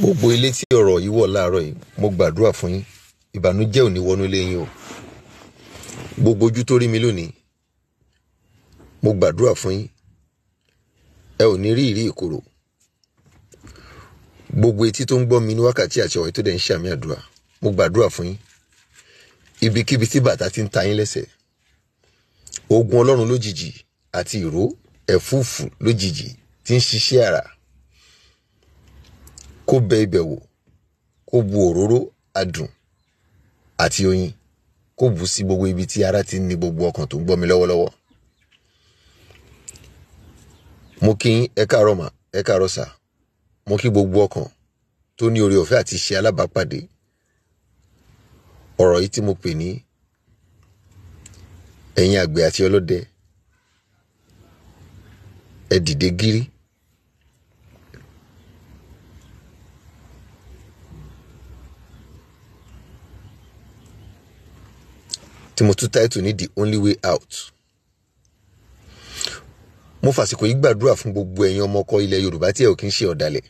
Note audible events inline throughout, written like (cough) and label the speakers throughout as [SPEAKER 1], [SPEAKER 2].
[SPEAKER 1] gbogbo ilé tí ọ̀rọ̀ yìí wọ̀ láàárọ̀ yìí mo gbàdúrà fún yín ìbànújẹ́ ò ní wọnú ilé yín o gbogbo ojú tó rí mi lónìí mo gbàdúrà fún yín ẹ ò ní rí ìrí ìkorò gbogbo etí tó ń gbọ́ mi ní wákàtí àti ọ̀rọ̀ tó dẹ̀ ń ṣàmì àdúrà mo gbàdúrà fún yín ibikíbi tí bàtà ti ń ta yín lẹ́sẹ̀ ogun ọlọ́run lójijì àti ìró ẹ̀fúùfù lójijì ti ń ṣiṣẹ́ àrà kó bẹ ibẹ̀ wò kó bu òróró adùn àti oyin kó bù sí gbogbo ibi tí ara ti ń ni gbogbo ọkàn tó ń gbọ́ mi lọ́wọ́lọ́wọ́ mo kí ẹ káàárọ̀ mà ẹ káàárọ̀ sà mo kí gbogbo ọkàn tó ní oore ọ̀fẹ́ àti ṣe alábàápàdé ọ̀rọ̀ yìí tí mo pè ní ẹ̀yin àgbẹ̀ àti ọlọ́dẹ ẹ dìde gírí tí mo tún táìtù the only way out. mo fàsìkò yìí gbàdúrà fún gbogbo ẹ̀yin ọmọ ọkọ ilẹ̀ yorùbá tí ẹ ò kí ń ṣe ọ̀dàlẹ̀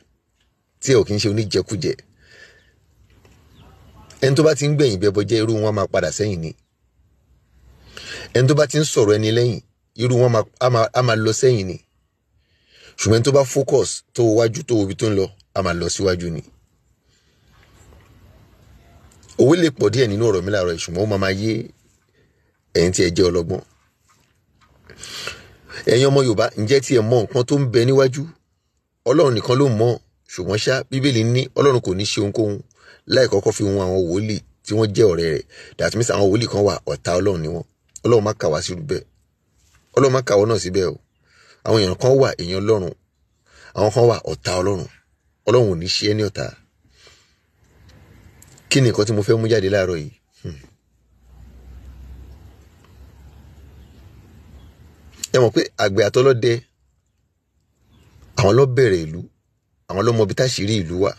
[SPEAKER 1] tí ẹ ò kí ń ṣe oníjẹkújẹ ẹni tó bá ti ń gbẹ̀yìn bẹ́ẹ̀ bọ́jẹ́ irú wọn máa padà sẹ́yìn ni ẹni tó bá ti ń sọ̀rọ̀ ẹni lẹ́yìn irú wọn á máa lọ sẹ́yìn ni ṣùgbọ́n ẹni tó bá focus tó wo wájú tó wo ibi tó ń lọ á máa lọ síwájú ni òwe lè pọ̀ díẹ̀ nínú ọ̀rọ̀ mi láàárọ̀ ṣùgbọ́n ó máa máa yé ẹ̀yin tí ẹ jẹ́ ọlọ́gbọ́n ẹ̀yin ọmọ Yorùbá ǹjẹ́ tí ẹ mọ nǹkan tó ń bẹ níwájú Ọlọ́run nìkan ló mọ̀ ṣùgbọ́n ṣá Bíbélì ní Ọlọ́run kò ní ṣe ohunkóhun láì kọ́kọ́ fi hun àwọn wòlíì tí wọ́n jẹ́ ọ̀rẹ́ rẹ̀ that means àwọn wòlíì kan wà ọ̀tá Ọlọ́run ni wọ́n Ọlọ́run má kà wá sí bẹ́ẹ̀ Ọlọ́run má kà wọ́n náà síbẹ̀ o àwọn èèyàn kan wà èèyàn Ọlọ́run àwọn kan wà ọ̀tá Ọlọ́run Ọlọ́run ò ní ṣe é ọ̀tá kí ni nǹkan tí mo fẹ́ mú jáde láàárọ̀ yìí ẹ mọ̀ pé àgbẹ̀ àtọlọ́dẹ àwọn ló bẹ̀rẹ̀ ìlú àwọn ló mọ ibi táṣìírí ìlú wà.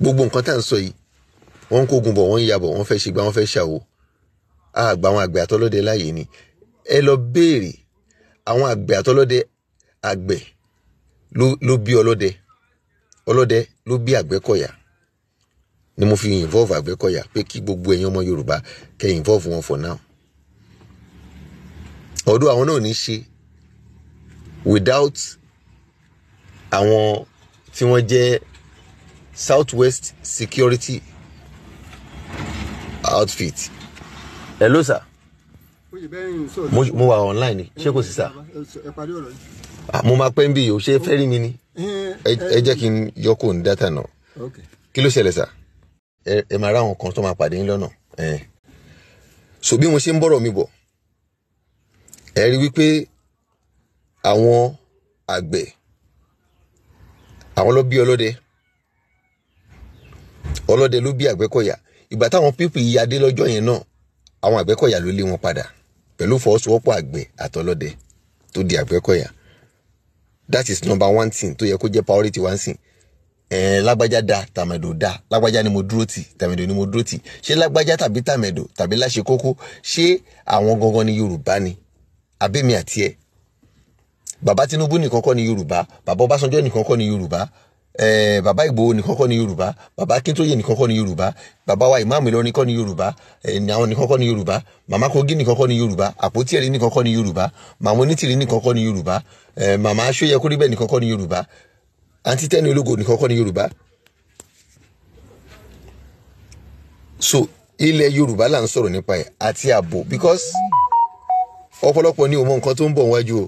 [SPEAKER 1] gbogbo nǹkan tá à ń sọ yìí wọ́n ń kógun bọ̀ wọ́n ń yabọ̀ wọ́n fẹ́ ṣe gbá wọ́n fẹ́ ṣàwò àgbà àwọn àgbẹ̀ àtọlọ́dẹ láàyè ni ẹ lọ béèrè àwọn àgbẹ̀ àtọlọ́dẹ àgbẹ̀ ló bí ọlọ́dẹ ọlọ́dẹ ló bí àgbẹ̀kọ̀yà ni mo fi involve Àgbẹ̀kọ̀yà pé kí gbogbo ẹ̀yin ọmọ Yorùbá kẹ́ involve wọn for now ọdún àwọn náà ní ṣe without àwọn tí wọ́n jẹ́ Southwest security outfit hello sir mo wà online ni ṣé kò sí sir ah, mo máa pẹ́ ń bí o ṣe fẹ́ rí mi ni eh, eh, ẹ jẹ́ kí n yọ kó ní dátà náà kí ló ṣẹlẹ̀ sir ẹ máa ráwọn kan tó máa pàdé yín lọ́nà so bí mo ṣe ń bọ̀rọ̀ mi bọ̀ ẹ rí wípé àwọn àgbẹ̀ àwọn ló ọlọ́dẹ ọlọ́dẹ ló bí àgbẹ̀kọ̀yà ìgbà táwọn pípì yíyadé lọ́jọ́ yẹn náà àwọn àgbẹ̀kọ̀yà ló lé wọn padà pẹ̀lú fọwọ́sowọ́pọ̀ àgbẹ̀ àtọlọ́dẹ tó di àgbẹ̀kọ̀yà that is number one thing tó yẹ kó jẹ́ priority one thing ẹ lágbájá da tàmẹ̀dò da lágbájá ni mo dúró tì tàmẹ̀dò ni mo dúró tì ṣé lágbájá tàbí tàmẹ̀dò tàbí láṣẹ kókó ṣé àwọn gangan ni yorùbá ni abẹ́mi àti ẹ̀ bàbá tinubu nìkan kọ́ ni yorùbá bàbá ọbásanjọ́ nìkan kọ́ ni yorùbá Eh, bàbá Ìgbòho nìkan kọ́ ni yorùbá bàbá Akíntóyè nìkan kọ́ ni yorùbá bàbá wa ìmáàmù Ìlọrin kọ́ ni yorùbá àwọn nìkan kọ́ ni yorùbá màmá Kogi nìkan kọ́ ni yorùbá àpótí ẹ̀rí nìkan ni yorùbá màmá Onítìrí nìkan kọ́ ni yorùbá màmá aṣọyẹkúríbẹ̀ nìkan kọ́ ni yorùbá àǹtí Tẹ́ni Ológo nìkan kọ́ ni Yorùbá so ilẹ̀ Yorùbá là ń sọ̀rọ̀ nípa ẹ̀ àti ààbò because ọ̀pọ̀lọpọ̀ ni ò mọ nǹkan tó ń bọ̀ wájú o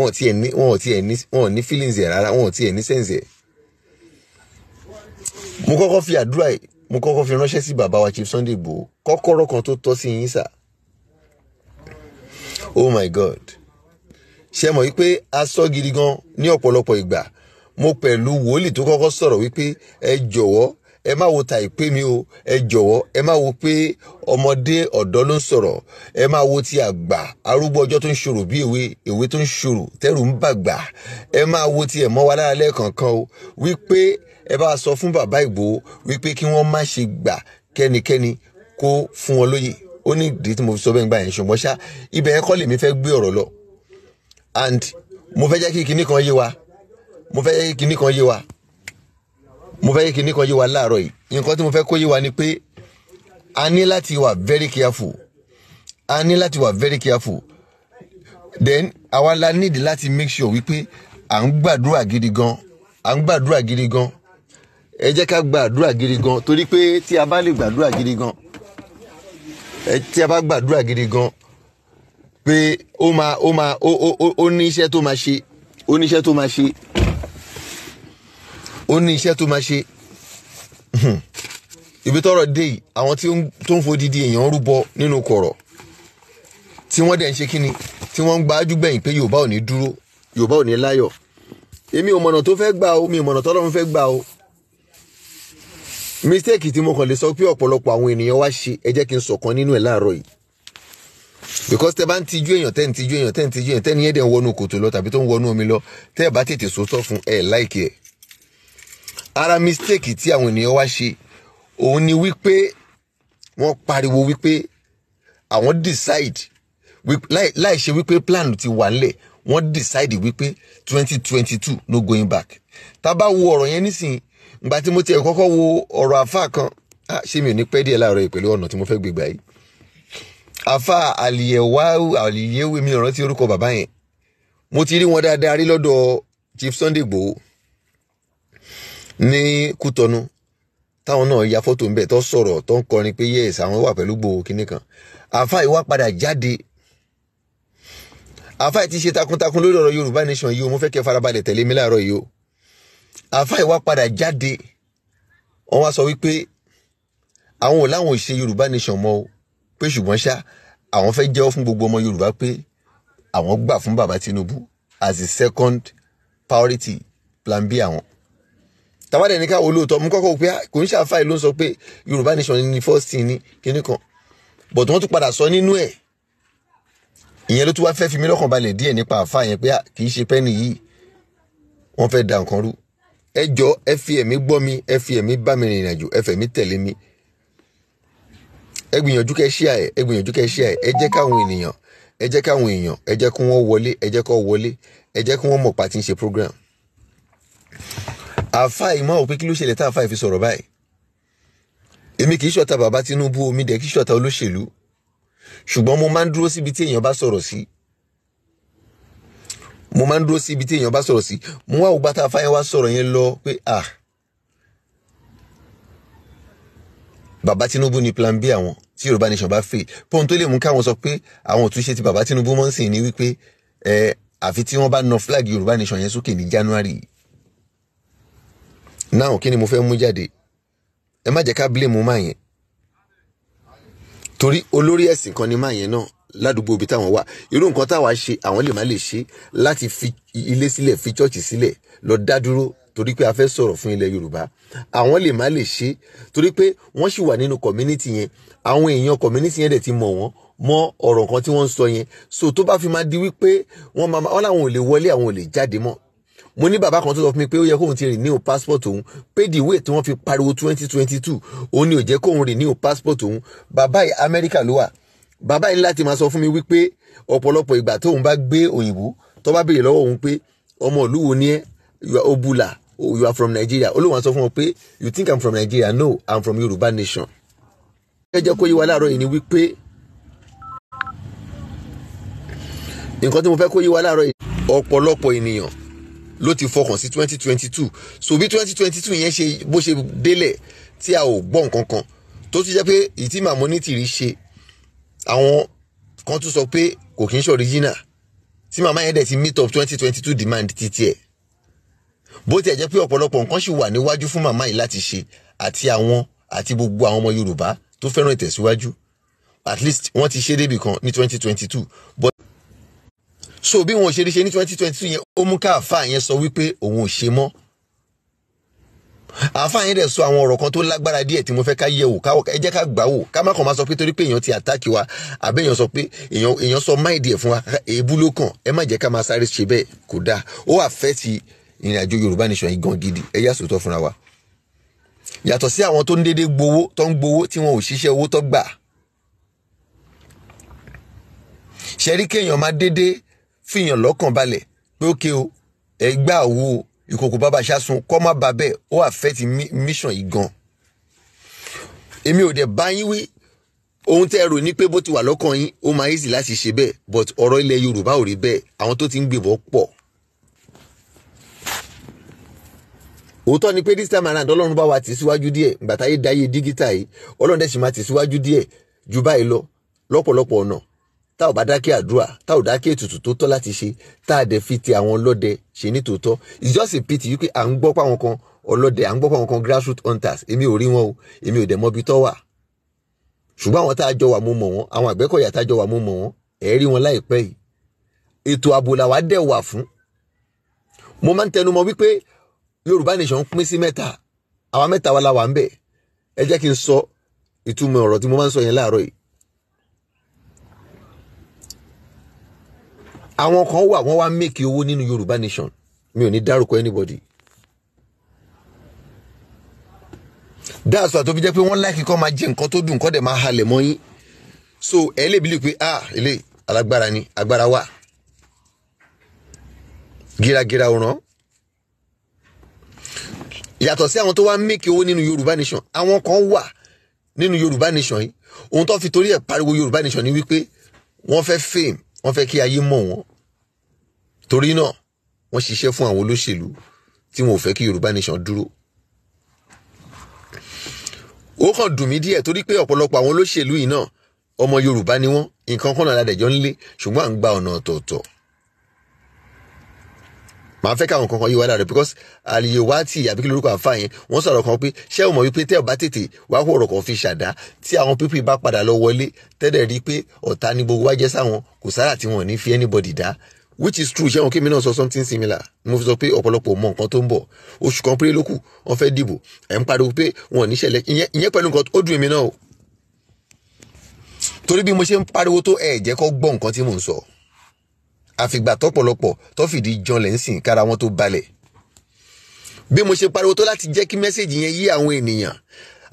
[SPEAKER 1] wọn ò tiẹ̀ ní wọn ò tiẹ̀ ní wọn ò ní feelings ẹ̀ rárá wọn ò tiẹ̀ ní sense ẹ̀ mo kọ́kọ́ fi àdúrà ẹ̀ mo kọ́kọ́ fi ránṣẹ́ sí bàbá wa Chief Sunday Igboho kọ́kọ́rọ́ kan tó tọ́ sí yín sà oh my god ṣe mọ̀ wípé a sọ gidi gan ní ọ̀pọ̀lọpọ̀ ìgbà mo pẹ̀lú wòlíì tó kọ́kọ́ sọ̀rọ̀ wípé ẹ jọ̀wọ́ ẹ má wo tàìpé mi o ẹ jọ̀wọ́ ẹ má wo pé ọmọdé ọ̀dọ́ ló ń sọ̀rọ̀ ẹ má wo ti àgbà arúgbó ọjọ́ tó ń ṣòro bí èwe èwe tó ń ṣòro tẹ́rù ń bàgbà ẹ má wo ti ẹ̀mọ́ wa lára lẹ́ẹ̀kọ̀ọ̀kan o wípé ẹ bá sọ fún bàbá Ìgbòho wípé kí wọ́n má ṣe gbà kẹ́nikẹ́ni kó fún wọn lóyè ó ní ìdí tí mo sọ bẹ́ẹ̀ ń gbà yẹn ṣùgbọ́n ṣá ibẹ̀ yẹn kọ́ lèmi fẹ́ gbé ọ̀rọ̀ lọ and mo fẹ́ jẹ́ kí kinní kan yé wa mo fẹ́ yé kinní kan yé wa mo fẹ́ yé kinní kan yé wa láàárọ̀ yìí nǹkan tí mo fẹ́ kó yé wa ni pé a ní láti wà very careful a ní láti wà very careful then àwa la need láti make sure wípé à ń gbàdúrà gidi gan à ń gbàdúrà gidi gan ẹ jẹ́ ká gbàdúrà gidi gan torí pé tí a bá lè gbàdúrà gidi gan ẹ tí a bá gbàdúrà gidi gan pé ó máa ó máa ó ó ó ní iṣẹ́ tó máa ṣe ó ní iṣẹ́ tó máa ṣe ní iṣẹ́ tó máa ṣe ibi tọ́rọ̀ dé yìí àwọn tó ń fodidi èèyàn rúbọ nínú kọ̀rọ̀ tí wọ́n dẹ̀ ń ṣe kíni tí wọ́n ń gba ájúgbẹ̀yìn pé yorùbá ò ní dúró yorùbá ò ní láyọ̀ èmi ò mọ̀nà tó fẹ́ gbà o mi ò mọ̀nà tọ́lọ́run fẹ́ gbà o mistake tí mo kàn lè sọ pé ọ̀pọ̀lọpọ̀ àwọn ènìyàn wá ṣe ẹ jẹ́ kí n sọ̀kan nínú ẹ̀ láàárọ̀ yìí because tẹ bá ń tijú èèyàn tẹ́ ń tijú èèyàn tẹ́ ń tijú èèyàn tẹ́ ń yẹ́dẹ̀ ń wọnú kòtò lọ tàbí tó ń wọnú omi lọ tẹ́ ẹ bá tètè sòótọ́ fún ẹ láìkí ẹ̀ ara mistake tí àwọn ènìyàn wá ṣe òun ni wípé wọ́n pariwo wípé àwọn decide láì ṣe wípé plan ti wà nílẹ̀ wọ́n decide wípé twenty twenty two no going back tá a bá wo ọ̀rọ̀ yẹn nísìnyí ìgbà tí mo tiẹ̀ kọ́kọ́ wo ọ̀rọ̀ àfa kan ṣé mi ò ní pẹ́ díẹ̀ láàárọ̀ yìí pẹ̀lú ọ̀nà tí mo fẹ́ gbé gbà yìí àfa àlìyẹ̀wá àlìyẹ̀wé mi rántí orúkọ bàbá yẹn mo ti rí wọn dáadáa rí lọ́dọ̀ Chief Sunday Igboho ní Kútọ́nù táwọn náà ya fọ́tò ń bẹ̀ tó sọ̀rọ̀ tó ń kọrin pé yes àwọn wà pẹ̀lú Ìgbòho kínní kan àáfàá ìwà padà jáde àáfàá ti ṣe takuntakun lórí ọ̀rọ̀ Yorùbá Nation yìí o mo fẹ́ kẹ́ farabalẹ̀ tẹ̀lé mi láàárọ̀ yìí o àáfàá ìwà padà jáde wọ́n wá sọ wípé àwọn ò láwọn ò ṣe Yorùbá Nation mọ́ o pé ṣùgbọ́n ṣá àwọn fẹ́ jẹ́wọ́ fún gbogbo ọmọ Yorùbá pé àwọn gbà fún bàbá Tinubu as the second priority plan B àwọn tàwádẹ́ ní káwọ́ olóòótọ́ mú kọ́kọ́ pé kò ń ṣàfàì ló ń sọ pé Yorùbá nation ni first thing ni kíní kan but wọ́n tún padà sọ nínú ẹ̀ ìyẹn ló tún wá fẹ́ fi mí lọ́kàn balẹ̀ díẹ̀ nípa àfa yẹn pé ah, kì í ṣe pẹ́ẹ́nì yìí wọ́n fẹ́ da nǹkan rú ẹ jọ ẹ fi ẹ̀mí gbọ́ mi ẹ fi ẹ̀mí bá mi rìnrìn àjò ẹ fẹ̀mí tẹ̀lé mi ẹ gbìyànjú kẹ́ ṣíà ẹ ẹ gbìyànjú kẹ́ ṣíà ẹ ẹ jẹ́ káwọn ènìyàn ẹ jẹ́ káwọn èèyàn ẹ jẹ́ kí wọ́n wọlé ẹ jẹ́ kí wọ́n mọ̀ pàtí ń ṣe program àfa yìí máa wò pé kí ló ṣẹlẹ̀ tá àfa fi sọ̀rọ̀ báyìí èmi kì í ṣọ̀tá bàbá Tinubu omi de kì í ṣọ̀tá olóṣèlú ṣùgbọ́n mo máa ń dúró síbi tí èèyàn bá sọ̀rọ̀ sí mo máa ń dúró síbi tí èèyàn bá sọ̀rọ̀ sí mo wá ògbà tá àfa yẹn wá sọ̀rọ̀ yẹn lọ pé ah bàbá Tinubu ni plan B àwọn tí Yorùbá nation bá fè pọ́n tó lè mú káwọn sọ pé àwọn òtúnṣe ti bàbá Tinubu mọ́ ń sìn ní wípé ẹ àfi tí wọ́n bá na flag Yorùbá nation yẹn sókè ní January yìí náà kí ni mo fẹ́ mú jáde ẹ má jẹ́ ká blame máa yẹn torí olórí ẹ̀sìn kan ni máa yẹn náà ládùúgbò ibi táwọn wà irú nǹkan táwa ṣe àwọn lè má lè ṣe láti fi ilé sílẹ̀ fi chọ́ọ̀chì sílẹ̀ lọ dá dúró torí pé a fẹ́ sọ̀rọ̀ fún ilẹ̀ Yorùbá àwọn lè má lè ṣe torí pé wọ́n sì wà nínú community yẹn àwọn èèyàn community yẹn dẹ̀ ti mọ̀ wọ́n mọ́ ọ̀rọ̀ kan tí wọ́n ń sọ yẹn so tó bá fi máa di wípé wọ́n máa wọ́n làwọn ò lè wọlé àwọn ò lè jáde mọ́ mo ní bàbá kan tó sọ fún mi pé ó yẹ kóun ti renew passport òun pé the way tí wọ́n fi pariwo 2022. twenty two òun ni ò jẹ́ kóun renew passport òun bàbá yìí Amẹ́ríkà ló wà bàbá yìí láti máa sọ fún mi wípé ọ̀pọ̀lọpọ̀ ìgbà tóun bá gbé òyìnbó tó bá béèrè lọ́wọ́ òun pé ọmọ ìlú wo ni ẹ́ obula oh, you are from Nigeria olóòwò sọ fún wọn pé you think I'm from Nigeria no I'm from Yorùbá nation. ẹ jẹ́ kó yé wa láàárọ̀ yìí ni wípé nǹkan tí mo fẹ́ kó yé wa láàárọ̀ yìí ọ̀pọ̀lọpọ̀ ènìyàn ló ti fọkàn sí twenty twenty two so bí twenty twenty two yẹn ṣe bó ṣe délẹ̀ tí a ò gbọ́ nǹkan kan tó ti jẹ́ pé èyí tí màmú ní tìrí ṣe àwọn kan tún sọ pé kò kí n ṣe original tí màmá yẹn dẹ̀ ti meet up twenty twenty two demand títí ẹ̀ bó tiẹ̀ jẹ́ pé ọ̀pọ̀lọpọ̀ nǹkan ṣì wà níwájú fún màmá yìí láti ṣe àti àwọn àti gbogbo àwọn ọmọ Yorùbá tó fẹ́ràn ìtẹ̀síwájú at least wọ́n ti ṣe débì kan ní twenty twenty two but so bí wọn ò ṣe ṣe ní twenty twenty two yẹn ó mú ká àáfàá yẹn sọ wípé òun ò ṣe mọ́ àáfàá yẹn dẹ̀ sọ àwọn ọ̀rọ̀ kan tó lágbára díẹ̀ tí mo fẹ́ ká yẹ wò káwọ̀ ẹ jẹ́ ká gbà wò ká má kàn máa sọ pé torí pé èèyàn ti àtàkì wa àbẹ́ èèyàn sọ pé èèyàn èèyàn sọ máìdì ẹ̀ fún wa èébú ló kàn ẹ má jẹ́ ká máa sáré ṣe bẹ́ẹ̀ kò dáa ó affect ìrìn àjò Yorùbá nation yìí gan gidi ẹ yá sòótọ́ fúnra wa yàtọ̀ sí àwọn tó ń dédé gbowó tó ń gbowó tí wọn ò ṣiṣẹ́ owó tó gbà ṣẹ́rí kéèyàn má dédé fìyàn lọ́kàn balẹ̀ pé ókè o ẹ gbá àwo ìkòkò bàbá ṣáṣun kọ́ má ba bẹ́ẹ̀ ó àfẹ́tì mission yìí gan. èmi ò dẹ̀ bá yín wí ohun tẹ́ ẹ rò ní pé bó ti wà lọ́kàn yín ó máa easy láti ṣe bẹ́ẹ̀ but ọ̀rọ̀ ilẹ̀ Yorùbá ò rí bẹ́ẹ̀ àwọn tó ti ń gbèbọ̀ pọ̀. òótọ́ ni pé this time around ọlọ́run bá wa tì síwájú díẹ̀ gbàtà yé dáyé dígítà yìí ọlọ́run dẹ̀ sì máa tì síwájú díẹ̀ ju báyìí lọ lọ́pọ̀lọpọ̀ ọ̀nà tá ò bá dákẹ́ àdúrà tá ò dákẹ́ ètùtù tó tọ́ láti ṣe tá a dẹ̀ fi ti àwọn ọlọ́dẹ ṣe ní tòótọ́ it's just a pity wípé à ń gbọ́ pa àwọn kan ọlọ́dẹ à ń gbọ́ pa àwọn kan grassroot hunters èmi ò rí wọn o èmi ò dẹ̀ mọ́bi tọ́ wà ṣùgbọ́n àwọn tá a jọ wà mo mọ̀ wọ́n àwọn àgbẹ̀kọ̀yà tá a jọ wà mo mọ̀ wọ́n ẹ̀ rí wọn láìpẹ́ yìí ètò ààbò làwa dẹ̀ wà fún mo máa ń tẹnumọ́ wípé Yorùbá nation pín sí mẹ́ta àwa mẹ́ta wa la wà ń bẹ̀ ẹ jẹ́ kí n sọ ìtumọ̀ ọ̀rọ̀ tí mo máa ń sọ yẹn láàárọ̀ yìí àwọn kan wà wọ́n wá make owó nínú Yorùbá nation mi ò ní dárúkọ anybody that's why tó fi jẹ́ pé wọ́n láìkí kọ́ máa jẹ nǹkan tó dùn nǹkan dẹ̀ máa halẹ̀ mọ́ so ẹ lè bí lè pé ah ilé alágbára ni agbára wà gíragíra òràn yàtọ̀ sí àwọn tó wá make owó nínú Yorùbá nation àwọn kan wà nínú Yorùbá nation yìí ohun tó fi torí ẹ̀ pariwo Yorùbá nation ni wípé wọ́n fẹ́ fame wọ́n fẹ́ kí ayé mọ̀ wọ́n torí náà wọ́n ṣiṣẹ́ fún àwọn olóṣèlú tí wọn ò fẹ́ kí Yorùbá nation dúró ó kàn dùn mí díẹ̀ torí pé ọ̀pọ̀lọpọ̀ àwọn olóṣèlú yìí náà ọmọ Yorùbá ni wọ́n nǹkan kan náà ládẹjọ ń lé ṣùgbọ́n à ń gba ọ̀nà ọ̀tọ̀ọ̀tọ̀ màá fẹ́ káwọn kankan yíwá dáadáa because àlìyé wa ti àbí kí lórúkọ àfa yẹn wọ́n sọ̀rọ̀ kan pé ṣé o mọ̀ wípé tẹ́ ò bá tètè wá hó ọ̀rọ̀ kan fi ṣàdá tí àwọn pípì bá padà lọ wọlé tẹ́lẹ̀ rí i pé ọ̀tá ni gbogbo wa jẹ́ sáwọn kò sára tí wọn ò ní fi anybody dá which is true ṣé wọn kí mi náà sọ something similar mo fi sọ pé ọ̀pọ̀lọpọ̀ mọ nǹkan tó ń bọ̀ oṣù kan péré ló kù wọn fẹ́ dìbò ẹ̀ ń pariwo pé wọn ò ní ṣẹlẹ̀ ìyẹn pẹ̀lú nǹkan ó dùn èmi náà o torí bí mo ṣe ń pariwo tó ẹ̀ jẹ́ kó gbọ́ nǹkan tí mò ń sọ. So àfìgbà tọ́pọ̀lọpọ̀ tó fìdí janlẹ̀ ń sìn kára wọn tó balẹ̀ bí mo ṣe pariwo tó láti jẹ́ kí mẹ́sẹ̀gì yẹn yí àwọn ènìyàn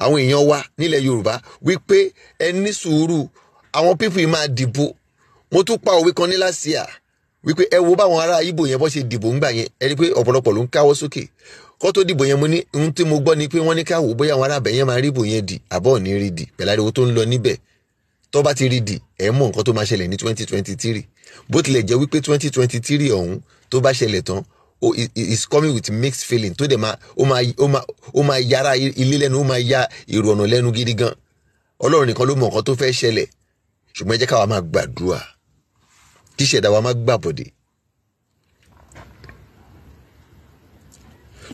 [SPEAKER 1] àwọn èèyàn wa nílẹ̀ Yorùbá wípé ẹ ní sùúrù àwọn pípù yìí máa dìbò mo tún pa òwe kan ní last year wípé ẹ wo báwọn ará Ìgbò yẹn bọ́ ṣe dìbò ńgbà yẹn ẹ rí pé ọ̀pọ̀lọpọ̀ ló ń káwọ́ sókè kó tó dìbò yẹn mo ní ohun tí mo gbọ́ ni pé wọ́n ní káwọ́ bóyá àwọn arábẹ̀ yẹn máa rí ìbò yẹn dì àbọ̀ ò ní rí dì pẹ̀láriwo tó ń lọ níbẹ̀ tó bá ti rí di ẹ̀ mọ̀ nǹkan tó máa ṣẹlẹ̀ ní twenty twenty three bó tilẹ̀ jẹ́ wípé twenty twenty three ọ̀hún tó bá ṣẹlẹ̀ tán o is coming with mixed feeling tó dẹ̀ máa ó máa ó máa ó yára ilé lẹ́nu ó máa ya èrò ọ̀nà lẹ́nu gidi gan ọlọ́run nìkan ló mọ̀ nǹkan tó fẹ́ ṣẹlẹ̀ ṣùgbọ́n ẹ jẹ́ káwa máa gbàdúrà kí ìṣẹ̀dá wa máa gbàbọ̀dé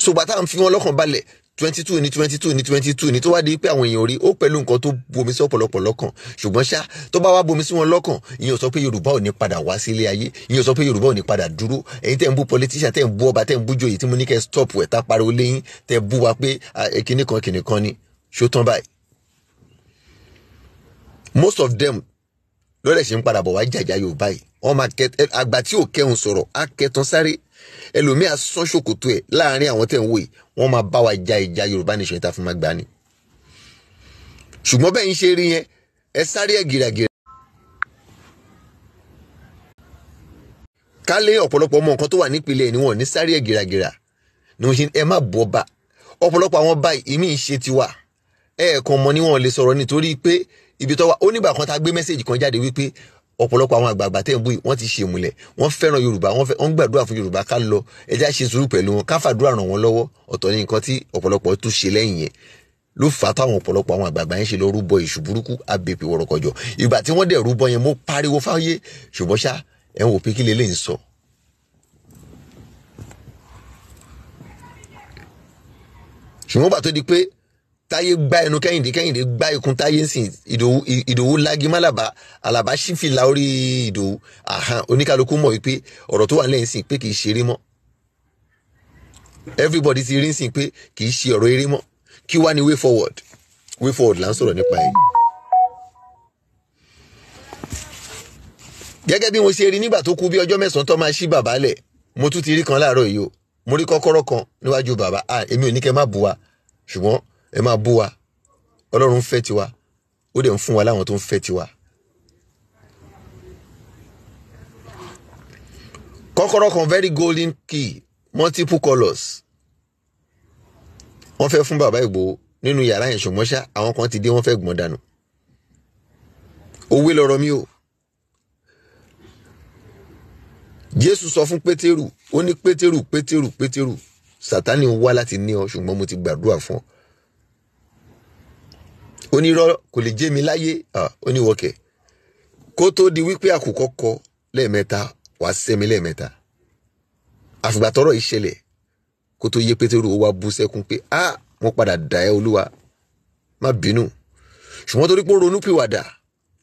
[SPEAKER 1] ṣùgbọ́n táwọn fi wọn lọ́kàn balẹ̀ twenty two ní twenty two ní twenty two ní tó wá di pé àwọn èèyàn rí ó pẹ̀lú nǹkan tó bomi sí ọ̀pọ̀lọpọ̀ lọ́kàn ṣùgbọ́n ṣá tó bá wá bomi sí wọn lọ́kàn ìyẹn ò sọ pé Yorùbá ò ní padà wá sílé ayé ìyẹn ò sọ pé Yorùbá ò ní padà dúró ẹ̀yin tẹ́ ń bú politician tẹ́ ń bú ọba tẹ́ ń bú joyè tí mo ní kẹ́ stop ẹ̀ tá pariwo lẹ́yìn tẹ́ bú wa pé kinní kan kinní kan ni ṣó tán báyìí. most of them lọ́lẹ̀ ṣe ń padà bọ̀ wá jàjà Yorùbá yìí wọ́n máa kẹ́ àgbà tí ò kẹ́hùn sọ̀rọ̀ á kẹ́tàn sáré ẹlòmíì asán ṣòkòtò ẹ̀ láàrin àwọn tẹ̀ ń wò yìí wọ́n máa bá wa ja ìjà Yorùbá nation tá a fi máa gbà ni ṣùgbọ́n bẹ́ẹ̀ ń ṣe rí yẹn ẹ sáré ẹ̀ gìràgìrà. ká lé ọ̀pọ̀lọpọ̀ ọmọ nǹkan tó wà nípìnlẹ̀ ẹ̀ níwọ̀n ní sáré ẹ̀ gìràgìrà ni wọ́n ṣe ẹ má bọ́ bá ọ̀pọ̀lọpọ̀ àwọn báyìí ìmí ṣe ti wà ẹ̀ẹ̀kan mọ níwọ̀n lè sọ̀rọ̀ nítorí pé ibi tó wà ó nígbà kan tá gbé mẹ́sẹ̀gì kan jáde wípé ọ̀pọ̀lọpọ̀ àwọn àgbààgbà tẹ̀ ń bú yìí wọ́n ti ṣe ìmùlẹ̀ wọ́n fẹ́ràn yorùbá wọ́n ń gbàdúrà fún yorùbá ká lọ ẹja ṣe sùúrù pẹ̀lú wọn ká fàdúrà ràn wọ́n lọ́wọ́ ọ̀tọ̀ ní nǹkan tí ọ̀pọ̀lọpọ̀ tún ṣe lẹ́yìn yẹn ló fà á táwọn ọ̀pọ̀lọpọ̀ àwọn àgbààgbà yẹn ṣe lọ rúbọ èṣù burúkú abèpè wọ̀rọ̀kọ̀jọ̀ ìgbà tí wọ́n dẹ̀ rúbọ yẹn mo pariwo fáyé ṣùgbọ́n ṣá ẹ̀ ń wò pé kí leléyìí sọ ṣùgbọ́n gbà di pé táyé gbá ẹnu kẹ́hìndé kẹ́hìndé gbá ikùn táyé sìn ìdòwú ìdòwú lági málàbá àlàbá sì fi la orí ìdòwú àhán oníkálukú mọ̀ wípé ọ̀rọ̀ tó wà lẹ́yìn sìn pé kì í ṣeré mọ́ everybody ti rí sìn pé kì í ṣe ọ̀rọ̀ eré mọ́ kí wá ni way forward way forward là ń sọ̀rọ̀ nípa ẹ̀. gẹ́gẹ́ bí mo ṣe rí nígbà tó kú bí ọjọ́ mẹ́sàn-án tó máa ṣí bàbá lẹ̀ mo tún ti rí kan láàárọ̀ yìí o mo rí kọ́kọ́rọ́ kan níwájú bàbá èmi ò ní kẹ́ má bu wa ṣùgbọ́n ẹ máa bú wa ọlọ́run ń fẹ́ tiwa ó dẹ̀ ń fún wa láwọn tó ń fẹ́ tiwa. kọ́kọ́rọ́ kan very golden key multiple colours wọ́n fẹ́ fún bàbá Ìgbòho nínú yàrá yẹn ṣùgbọ́n ṣá àwọn kan ti dé wọ́n fẹ́ gbọ́n dànù òwe lọ̀rọ̀ mi o Jésù sọ fún Pétérù ó ní Pétérù Pétérù Pétérù Sátánì wá láti ní ọ ṣùgbọ́n mo ti gbàdúrà fún ọ onírọ́ kò lè jẹ́ mi láyé oníwọ̀kẹ́ kó tó di wípé àkùkọ kọ lẹ́ẹ̀mẹ́ta wà á sẹ́mi lẹ́ẹ̀mẹ́ta àfìgbà tọ́rọ̀ yìí ṣẹlẹ̀ kó tó yé pétérù ó wá bú sẹ́kún pé a mo padà dà ẹ́ olúwa má bínú ṣùgbọ́n torí pé ó